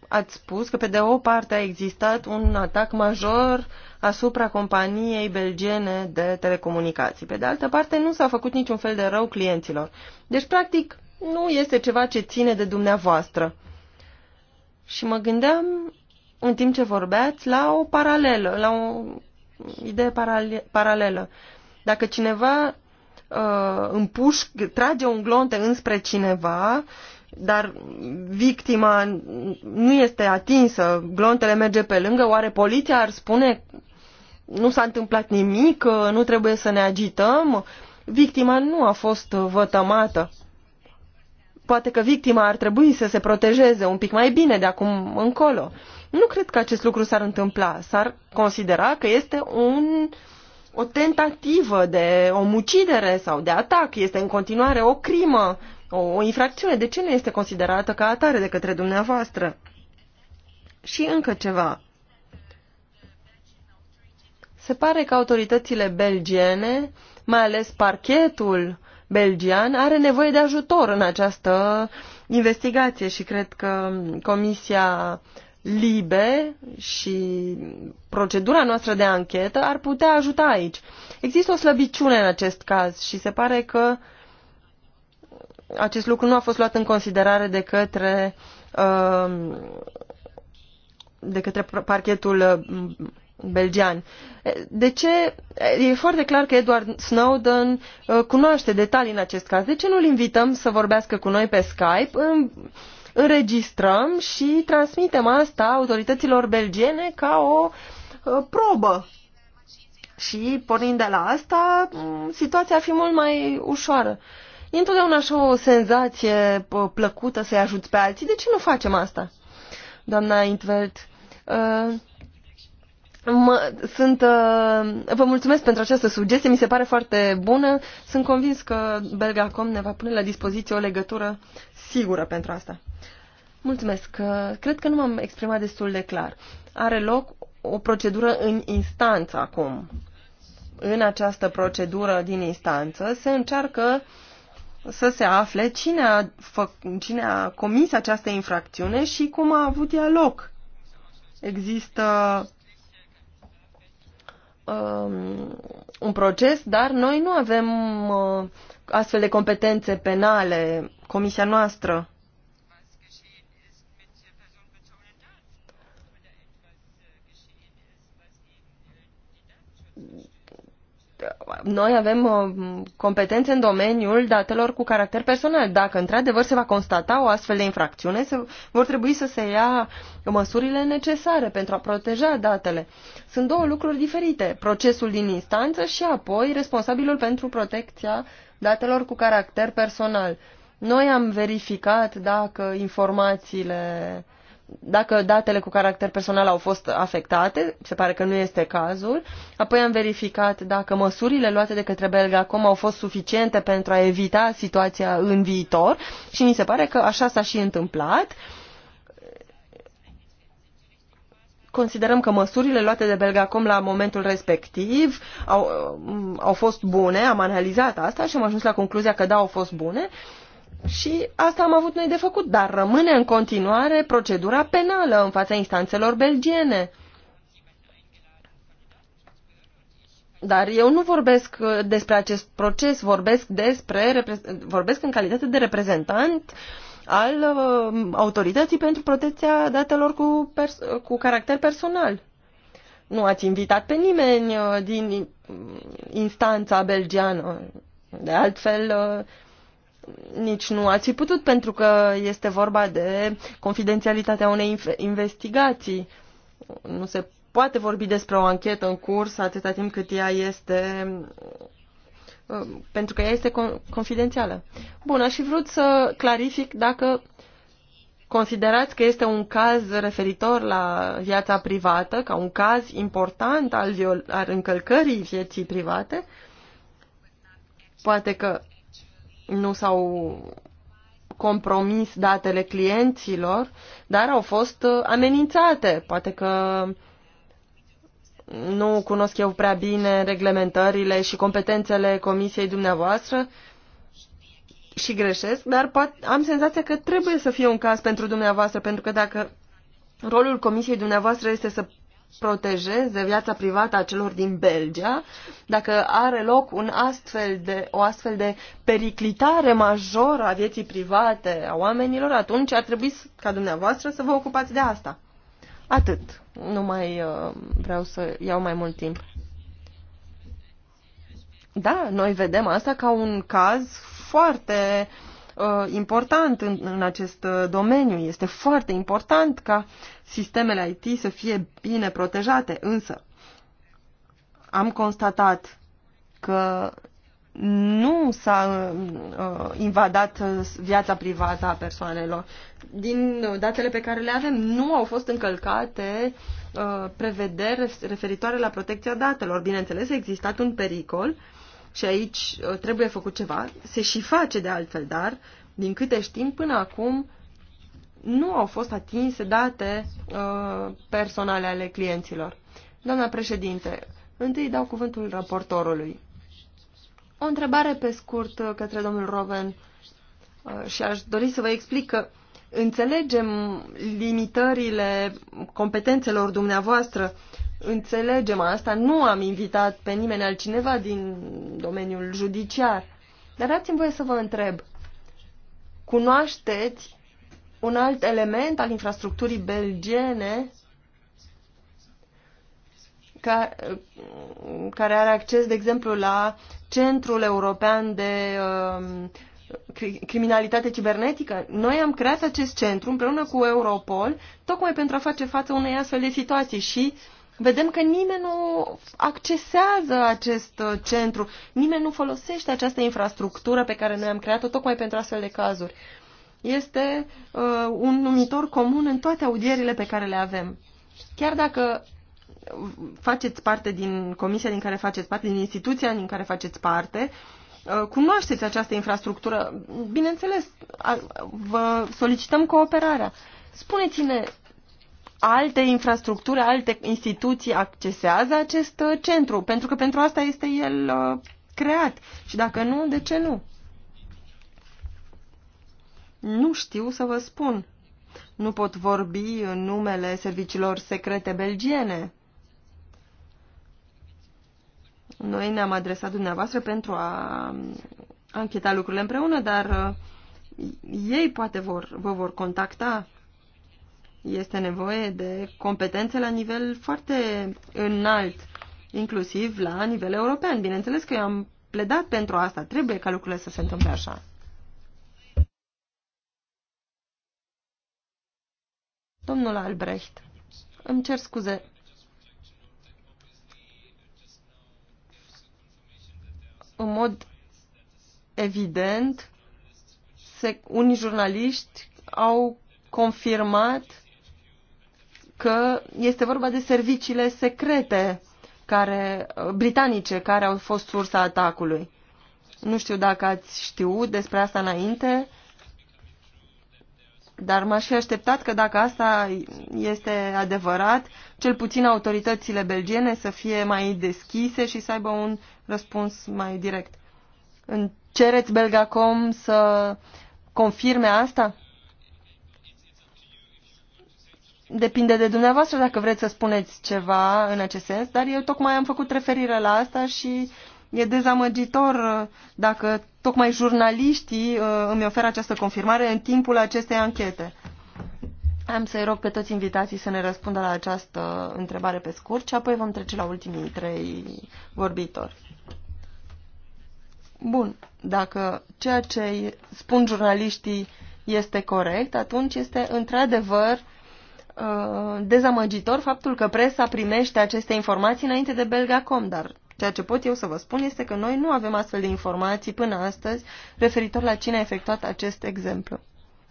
ați spus că pe de o parte a existat un atac major asupra companiei belgene de telecomunicații. Pe de altă parte nu s-a făcut niciun fel de rău clienților. Deci, practic, nu este ceva ce ține de dumneavoastră. Și mă gândeam, în timp ce vorbeați, la o paralelă, la o idee paralelă. Dacă cineva uh, împușc, trage un glonte înspre cineva dar victima nu este atinsă, glontele merge pe lângă, oare poliția ar spune nu s-a întâmplat nimic, nu trebuie să ne agităm? Victima nu a fost vătămată. Poate că victima ar trebui să se protejeze un pic mai bine de acum încolo. Nu cred că acest lucru s-ar întâmpla. S-ar considera că este un, o tentativă de omucidere sau de atac. Este în continuare o crimă o infracțiune, de ce nu este considerată ca atare de către dumneavoastră? Și încă ceva. Se pare că autoritățile belgiene, mai ales parchetul belgian, are nevoie de ajutor în această investigație și cred că Comisia Libe și procedura noastră de anchetă ar putea ajuta aici. Există o slăbiciune în acest caz și se pare că uh, acest lucru nu a fost luat în considerare de către, uh, de către parchetul uh, belgian. De ce? E foarte clar că Edward Snowden uh, cunoaște detalii în acest caz. De ce nu-l invităm să vorbească cu noi pe Skype? Înregistrăm și transmitem asta autorităților belgiene ca o probă. Și pornind de la asta, situația ar fi mult mai ușoară. Uh, E întotdeauna așa o senzație plăcută să-i ajuți pe alții. De ce nu facem asta? Doamna Intveld, uh, mă, sunt, uh, vă mulțumesc pentru această sugestie, mi se pare foarte bună. Sunt convins că Belgacom ne va pune la dispoziție o legătură sigură pentru asta. Mulțumesc. Uh, cred că nu m-am exprimat destul de clar. Are loc o procedură în instanță acum. În această procedură din instanță se încearcă să se afle cine a, fă, cine a comis această infracțiune și cum a avut ea loc. Există um, un proces, dar noi nu avem uh, astfel de competențe penale, comisia noastră. noi avem uh, competențe în domeniul datelor cu caracter personal. Dacă într-adevăr se va constata o astfel de infracțiune, se, vor trebui să se ia măsurile necesare pentru a proteja datele. Sunt două lucruri diferite, procesul din instanță și apoi responsabilul pentru protecția datelor cu caracter personal. Noi am verificat dacă informațiile uh, dacă datele cu caracter personal au fost afectate, se pare că nu este cazul. Apoi am verificat dacă măsurile luate de către Belgacom au fost suficiente pentru a evita situația în viitor și mi se pare că așa s-a și întâmplat. Considerăm că măsurile luate de Belgacom la momentul respectiv au, au fost bune, am analizat asta și am ajuns la concluzia că da, au fost bune și asta am avut noi de făcut, dar rămâne în continuare procedura penală în fața instanțelor belgiene. Dar eu nu vorbesc uh, despre acest proces, vorbesc, despre, vorbesc în calitate de reprezentant al uh, autorității pentru protecția datelor cu, pers- cu caracter personal. Nu ați invitat pe nimeni uh, din instanța belgiană. De altfel, uh, nici nu ați fi putut pentru că este vorba de confidențialitatea unei investigații. Nu se poate vorbi despre o anchetă în curs atâta timp cât ea este uh, pentru că ea este confidențială. Bun, aș fi vrut să clarific dacă considerați că este un caz referitor la viața privată, ca un caz important al, viol- al încălcării vieții private, poate că nu s-au compromis datele clienților, dar au fost uh, amenințate. Poate că nu cunosc eu prea bine reglementările și competențele comisiei dumneavoastră și greșesc, dar poate, am senzația că trebuie să fie un caz pentru dumneavoastră, pentru că dacă rolul comisiei dumneavoastră este să protejeze viața privată a celor din Belgia, dacă are loc un astfel de, o astfel de periclitare majoră a vieții private a oamenilor, atunci ar trebui ca dumneavoastră să vă ocupați de asta. Atât. Nu mai uh, vreau să iau mai mult timp. Da, noi vedem asta ca un caz foarte uh, Uh, important în, în acest uh, domeniu. Este foarte important ca sistemele IT să fie bine protejate, însă am constatat că nu s-a uh, invadat uh, viața privată a persoanelor. Din datele pe care le avem, nu au fost încălcate uh, prevederi referitoare la protecția datelor. Bineînțeles, a existat un pericol uh, și aici uh, trebuie făcut ceva, se și face de altfel, dar, din câte știm, până acum nu au fost atinse date uh, personale ale clienților. Doamna președinte, întâi dau cuvântul raportorului. O întrebare pe scurt uh, către domnul Roven și aș dori să vă explic că înțelegem limitările competențelor dumneavoastră, înțelegem asta. Nu am invitat pe nimeni altcineva din domeniul judiciar. Dar dați-mi voie să vă întreb. Cunoașteți un alt element al infrastructurii belgiene care are acces, de exemplu, la Centrul European de um, Criminalitate Cibernetică. Noi am creat acest centru împreună cu Europol, tocmai pentru a face față unei astfel de situații și uh, vedem că nimeni nu accesează acest uh, centru, nimeni nu folosește această infrastructură pe care noi am creat-o tocmai pentru astfel de cazuri. Este uh, un numitor comun în toate audierile pe care le avem. Chiar dacă faceți parte din comisia din care faceți parte, din instituția din care faceți parte, uh, cunoașteți această infrastructură. Bineînțeles, vă solicităm cooperarea. Spuneți-ne alte infrastructuri, alte instituții accesează acest uh, centru, pentru că pentru asta este el uh, creat. Și dacă nu, de ce nu? Nu știu să vă spun. Nu pot vorbi în numele serviciilor secrete belgiene. Noi ne-am adresat dumneavoastră pentru a um, ancheta lucrurile împreună, dar uh, ei poate vor, vă vor contacta este nevoie de competențe la nivel foarte înalt, inclusiv la nivel european. Bineînțeles că eu am pledat pentru asta. Trebuie ca lucrurile să se întâmple așa. Domnul Albrecht, îmi cer scuze. În mod evident, se, unii jurnaliști au confirmat că este vorba de serviciile secrete care, britanice care au fost sursa atacului. Nu știu dacă ați știut despre asta înainte, dar m-aș fi așteptat că dacă asta este adevărat, cel puțin autoritățile belgiene să fie mai deschise și să aibă un răspuns mai direct. Cereți Belgacom să confirme asta? depinde de dumneavoastră dacă vreți să spuneți ceva în acest sens, dar eu tocmai am făcut referire la asta și e dezamăgitor uh, dacă tocmai jurnaliștii uh, îmi oferă această confirmare în timpul acestei anchete. Am să-i rog pe toți invitații să ne răspundă la această întrebare pe scurt și apoi vom trece la ultimii trei vorbitori. Bun, dacă ceea ce spun jurnaliștii este corect, atunci este într-adevăr uh, Uh, dezamăgitor faptul că presa primește aceste informații înainte de Belgacom, dar ceea ce pot eu să vă spun este că noi nu avem astfel de informații până astăzi referitor la cine a efectuat acest exemplu,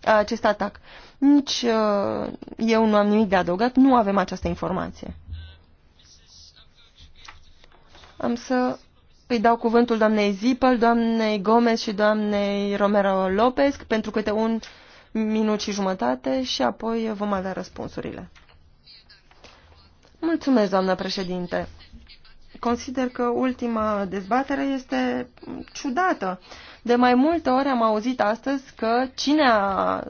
acest atac. Nici uh, eu nu am nimic de adăugat, nu avem această informație. Am să îi dau cuvântul doamnei Zipăl, doamnei Gomez și doamnei Romero Lopez pentru câte un minut și jumătate și apoi vom avea răspunsurile. Mulțumesc, doamnă președinte. Consider că ultima dezbatere este ciudată. De mai multe ori am auzit astăzi că cine a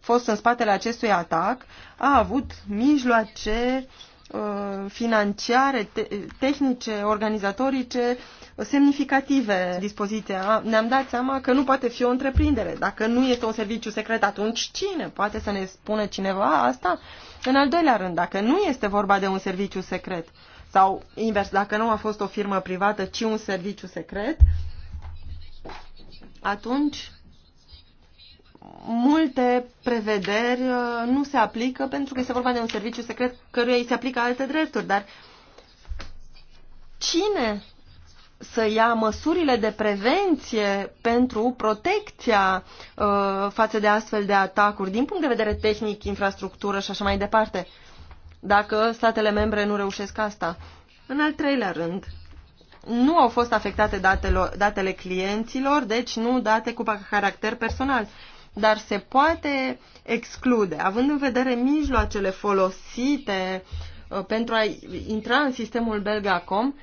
fost în spatele acestui atac a avut mijloace Uh, financiare, te tehnice, organizatorice semnificative dispoziția. Ne-am dat seama că nu poate fi o întreprindere. Dacă nu este un serviciu secret, atunci cine? Poate să ne spună cineva asta? În al doilea rând, dacă nu este vorba de un serviciu secret, sau invers, dacă nu a fost o firmă privată, ci un serviciu secret, atunci multe prevederi uh, nu se aplică pentru că este vorba de un serviciu secret căruia îi se aplică alte drepturi, dar cine să ia măsurile de prevenție pentru protecția uh, față de astfel de atacuri din punct de vedere tehnic, infrastructură și așa mai departe, dacă statele membre nu reușesc asta. În al treilea rând, nu au fost afectate datele, datele clienților, deci nu date cu caracter personal. Uh, dar se poate exclude, având în vedere mijloacele folosite uh, pentru a intra în sistemul Belgacom,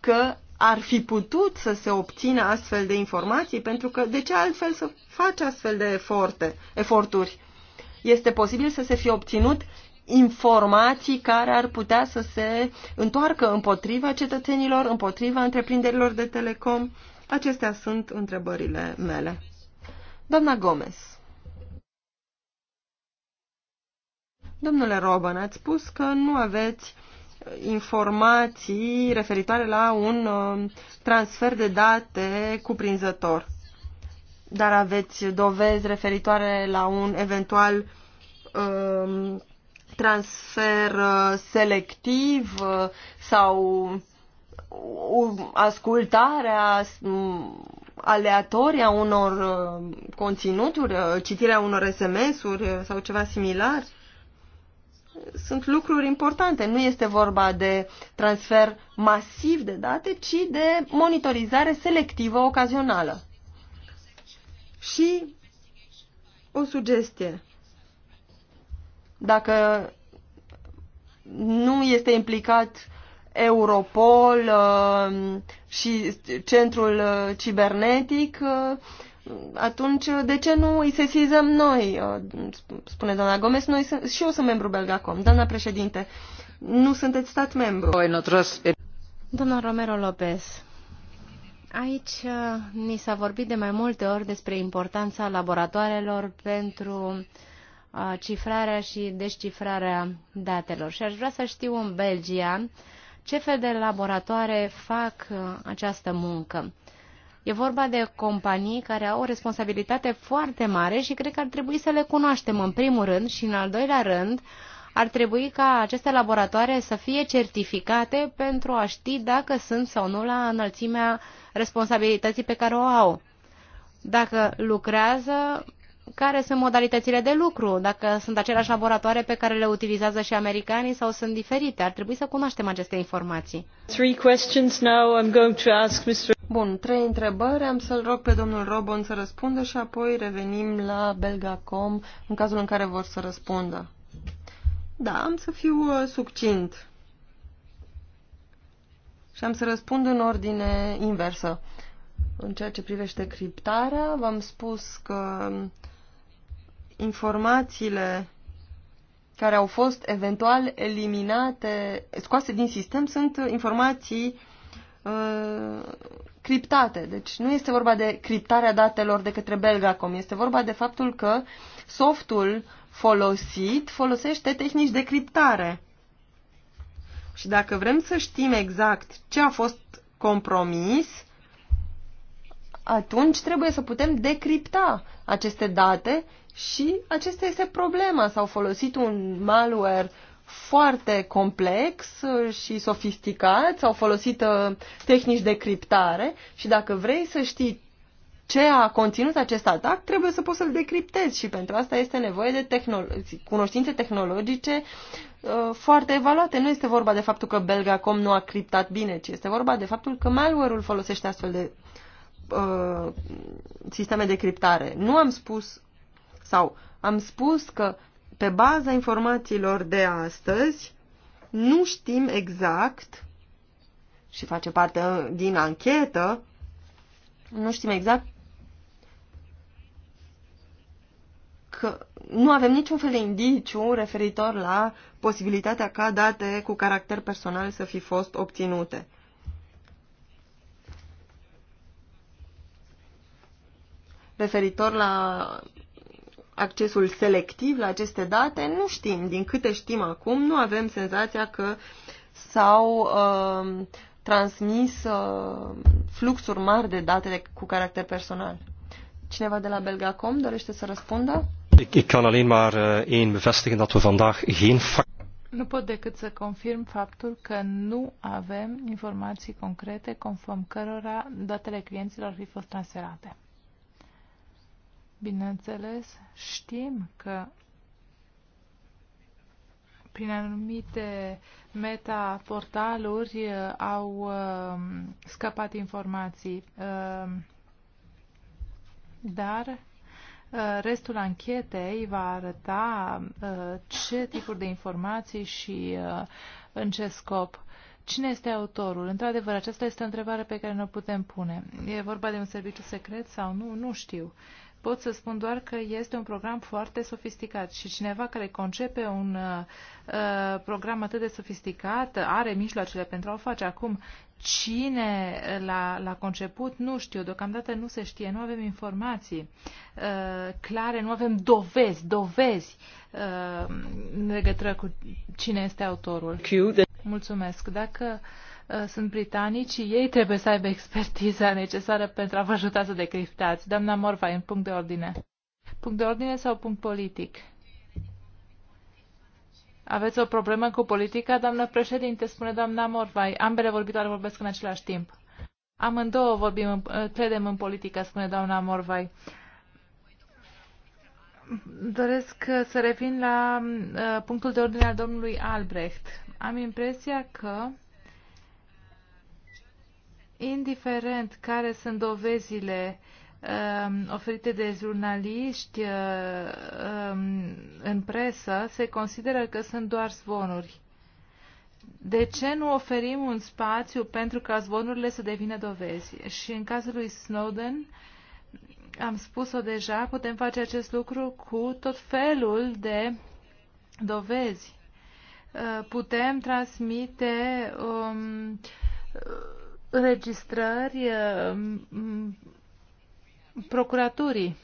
că ar fi putut să se obțină astfel de informații, pentru că de ce altfel să faci astfel de eforte, eforturi? Este posibil să se fi obținut informații care ar putea să se întoarcă împotriva cetățenilor, împotriva întreprinderilor de telecom? Acestea sunt întrebările mele. Doamna Gomez. Domnule Roban, ați spus că nu aveți informații referitoare la un um, transfer de date cuprinzător. Dar aveți dovezi referitoare la un eventual um, transfer uh, selectiv uh, sau uh, ascultarea um, aleatorii a unor uh, conținuturi, uh, citirea unor SMS-uri uh, sau ceva similar, sunt lucruri importante. Nu este vorba de transfer masiv de date, ci de monitorizare selectivă ocazională. Și o sugestie. Dacă nu este implicat Europol uh, și centrul uh, cibernetic, uh, atunci de ce nu îi sesizăm noi? Spune doamna Gomez, noi sunt, și eu sunt membru Belgacom. Doamna președinte, nu sunteți stat membru. Doamna Romero Lopez, aici ni s-a vorbit de mai multe ori despre importanța laboratoarelor pentru cifrarea și descifrarea datelor. Și aș vrea să știu în Belgia, uh, ce fel de laboratoare fac uh, această muncă? E vorba de companii care au o responsabilitate foarte mare și cred că ar trebui să le cunoaștem în primul rând și în al doilea rând ar trebui ca aceste laboratoare să fie certificate pentru a ști dacă sunt sau nu la înălțimea responsabilității pe care o au. Dacă lucrează care sunt modalitățile de lucru, dacă sunt aceleași laboratoare pe care le utilizează și americanii sau sunt diferite. Ar trebui să cunoaștem aceste informații. Three questions now I'm going to ask Mr. Bun, trei întrebări. Am să-l rog pe domnul Robon să răspundă și apoi revenim la Belgacom în cazul în care vor să răspundă. Da, am să fiu uh, succint. Și am să răspund în ordine inversă. În ceea ce privește criptarea, v-am spus că informațiile care au fost eventual eliminate, scoase din sistem, sunt informații uh, criptate. Deci nu este vorba de criptarea datelor de către Belgacom, este vorba de faptul că softul folosit folosește tehnici de criptare. Și dacă vrem să știm exact ce a fost compromis, atunci trebuie să putem decripta aceste date și acesta este problema. S-au folosit un malware foarte complex și sofisticat, s-au folosit uh, tehnici de criptare și dacă vrei să știi ce a conținut acest atac, trebuie să poți să-l decriptezi și pentru asta este nevoie de tehnolo- cunoștințe tehnologice uh, foarte evaluate. Nu este vorba de faptul că Belgacom nu a criptat bine, ci este vorba de faptul că malware-ul folosește astfel de uh, sisteme de criptare. Nu am spus sau am spus că pe baza informațiilor de astăzi nu știm exact și face parte din anchetă, nu știm exact că nu avem niciun fel de indiciu referitor la posibilitatea ca date cu caracter personal să fi fost obținute. Referitor la accesul selectiv la aceste date, nu știm. Din câte știm acum, nu avem senzația că s-au uh, transmis uh, fluxuri mari de date de, cu caracter personal. Cineva de la Belgacom dorește să răspundă? Uh, nu pot decât să confirm faptul că nu avem informații concrete conform cărora datele clienților ar fi fost transferate. Bineînțeles, știm că prin anumite meta-portaluri uh, au uh, scăpat informații, uh, dar Restul anchetei va arăta ce tipuri de informații și în ce scop. Cine este autorul? Într-adevăr, aceasta este o întrebare pe care ne putem pune. E vorba de un serviciu secret sau nu? Nu știu. Pot să spun doar că este un program foarte sofisticat și cineva care concepe un uh, uh program atât de sofisticat are mijloacele pentru a o face. Acum, cine l-a, conceput, nu știu, deocamdată nu se știe, nu avem informații uh, clare, nu avem dovezi, dovezi uh, în legătură cu cine este autorul. Mulțumesc. Dacă uh, Uh, sunt britanici și ei trebuie să aibă expertiza necesară pentru a vă ajuta să decriptați. Doamna Morva, în punct de ordine. Punct de ordine sau punct politic? Aveți o problemă cu politica, doamnă președinte, spune doamna Morvai. Ambele vorbitoare vorbesc în același timp. Amândouă vorbim, uh, credem în politică, spune doamna Morvai. Doresc uh, să revin la punctul de ordine al domnului Albrecht. Am impresia că indiferent care sunt dovezile um, oferite de jurnaliști uh, um, în presă, se consideră că sunt doar zvonuri. De ce nu oferim un spațiu pentru ca zvonurile să devină dovezi? Și în cazul lui Snowden, am spus-o deja, putem face acest lucru cu tot felul de dovezi. Uh, putem transmite um, înregistrări uh, procuraturii.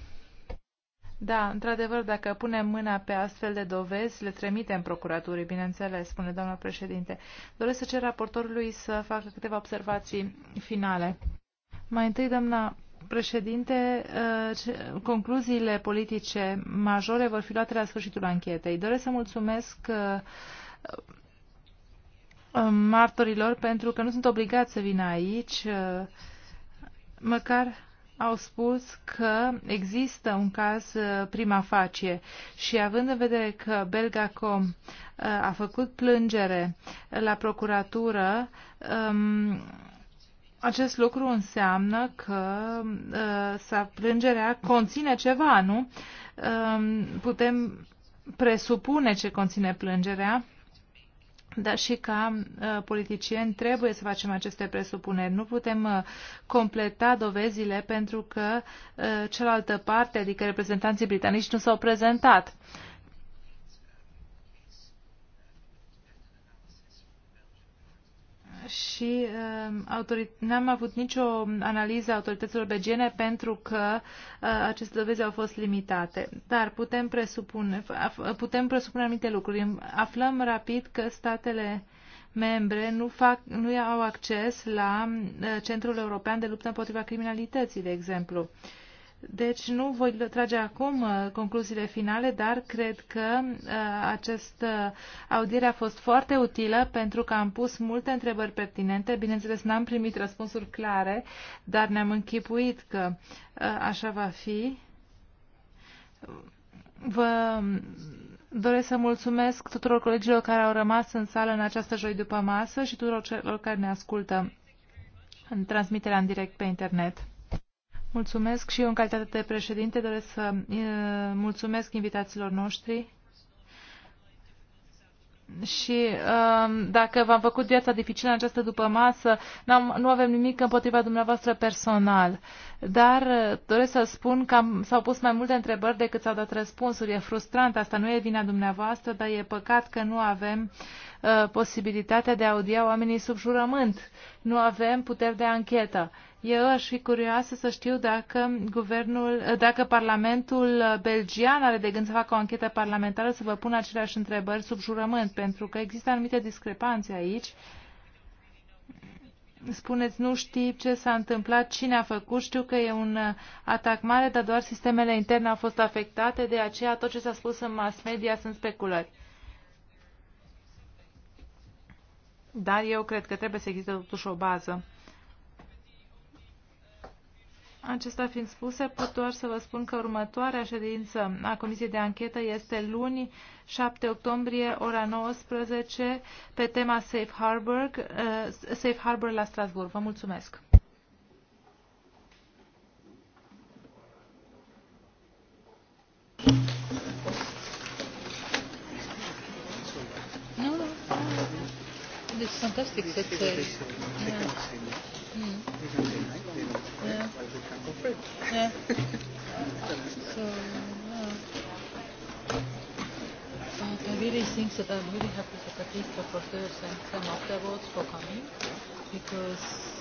Da, într-adevăr, dacă punem mâna pe astfel de dovezi, le trimitem procuraturii, bineînțeles, spune doamna președinte. Doresc să cer raportorului să facă câteva observații finale. Mai întâi, doamna președinte, uh, concluziile politice majore vor fi luate la sfârșitul anchetei. Doresc să mulțumesc uh, Um, martorilor pentru că nu sunt obligați să vină aici. Uh, măcar au spus că există un caz uh, prima facie și având în vedere că Belgacom uh, a făcut plângere la procuratură, um, acest lucru înseamnă că să plângerea conține ceva, nu? Um, putem presupune ce conține plângerea dar și ca uh, politicieni trebuie să facem aceste presupuneri. Nu putem uh, completa dovezile pentru că uh, cealaltă parte, adică reprezentanții britanici, nu s-au prezentat. și uh, n-am avut nicio analiză a autorităților belgiene pentru că uh, aceste dovezi au fost limitate. Dar putem presupune, putem presupune anumite lucruri. Aflăm rapid că statele membre nu, fac, nu au acces la uh, Centrul European de Luptă împotriva Criminalității, de exemplu. Uh, deci nu voi trage acum uh, concluziile finale, dar cred că uh, această audiere a fost foarte utilă pentru că am pus multe întrebări pertinente. Bineînțeles, n-am primit răspunsuri clare, dar ne-am închipuit că uh, așa va fi. Vă doresc să mulțumesc tuturor colegilor care au rămas în sală în această joi după masă și tuturor celor care ne ascultă în transmiterea în direct pe internet. Mulțumesc și eu în calitate de președinte doresc să mulțumesc invitațiilor noștri. Și dacă v-am făcut viața dificilă în această după masă, nu avem nimic împotriva dumneavoastră personal. Dar doresc să spun că s-au pus mai multe întrebări decât s-au dat răspunsuri. E frustrant, asta nu e vina dumneavoastră, dar e păcat că nu avem Uh, posibilitatea de a audia oamenii sub jurământ. Nu avem puteri de anchetă. Eu aș fi curioasă să știu dacă, guvernul, uh, dacă Parlamentul uh, belgian are de gând să facă o anchetă parlamentară să vă pună aceleași întrebări sub jurământ, pentru că există anumite discrepanțe aici spuneți nu știi ce s-a întâmplat, cine a făcut, știu că e un atac mare, dar doar sistemele interne au fost afectate, de aceea tot ce s-a spus în mass media sunt speculări. Dar eu cred că trebuie să existe totuși o bază. Acestea fiind spuse, pot doar să vă spun că următoarea ședință a Comisiei de Anchetă este luni 7 octombrie, ora 19, pe tema Safe Harbor, uh, Safe Harbor la Strasbourg. Vă mulțumesc! It's fantastic that uh, yeah. mm. yeah. yeah. so, uh, uh but I really think that I'm really happy that at least the reporters and some afterwards for coming because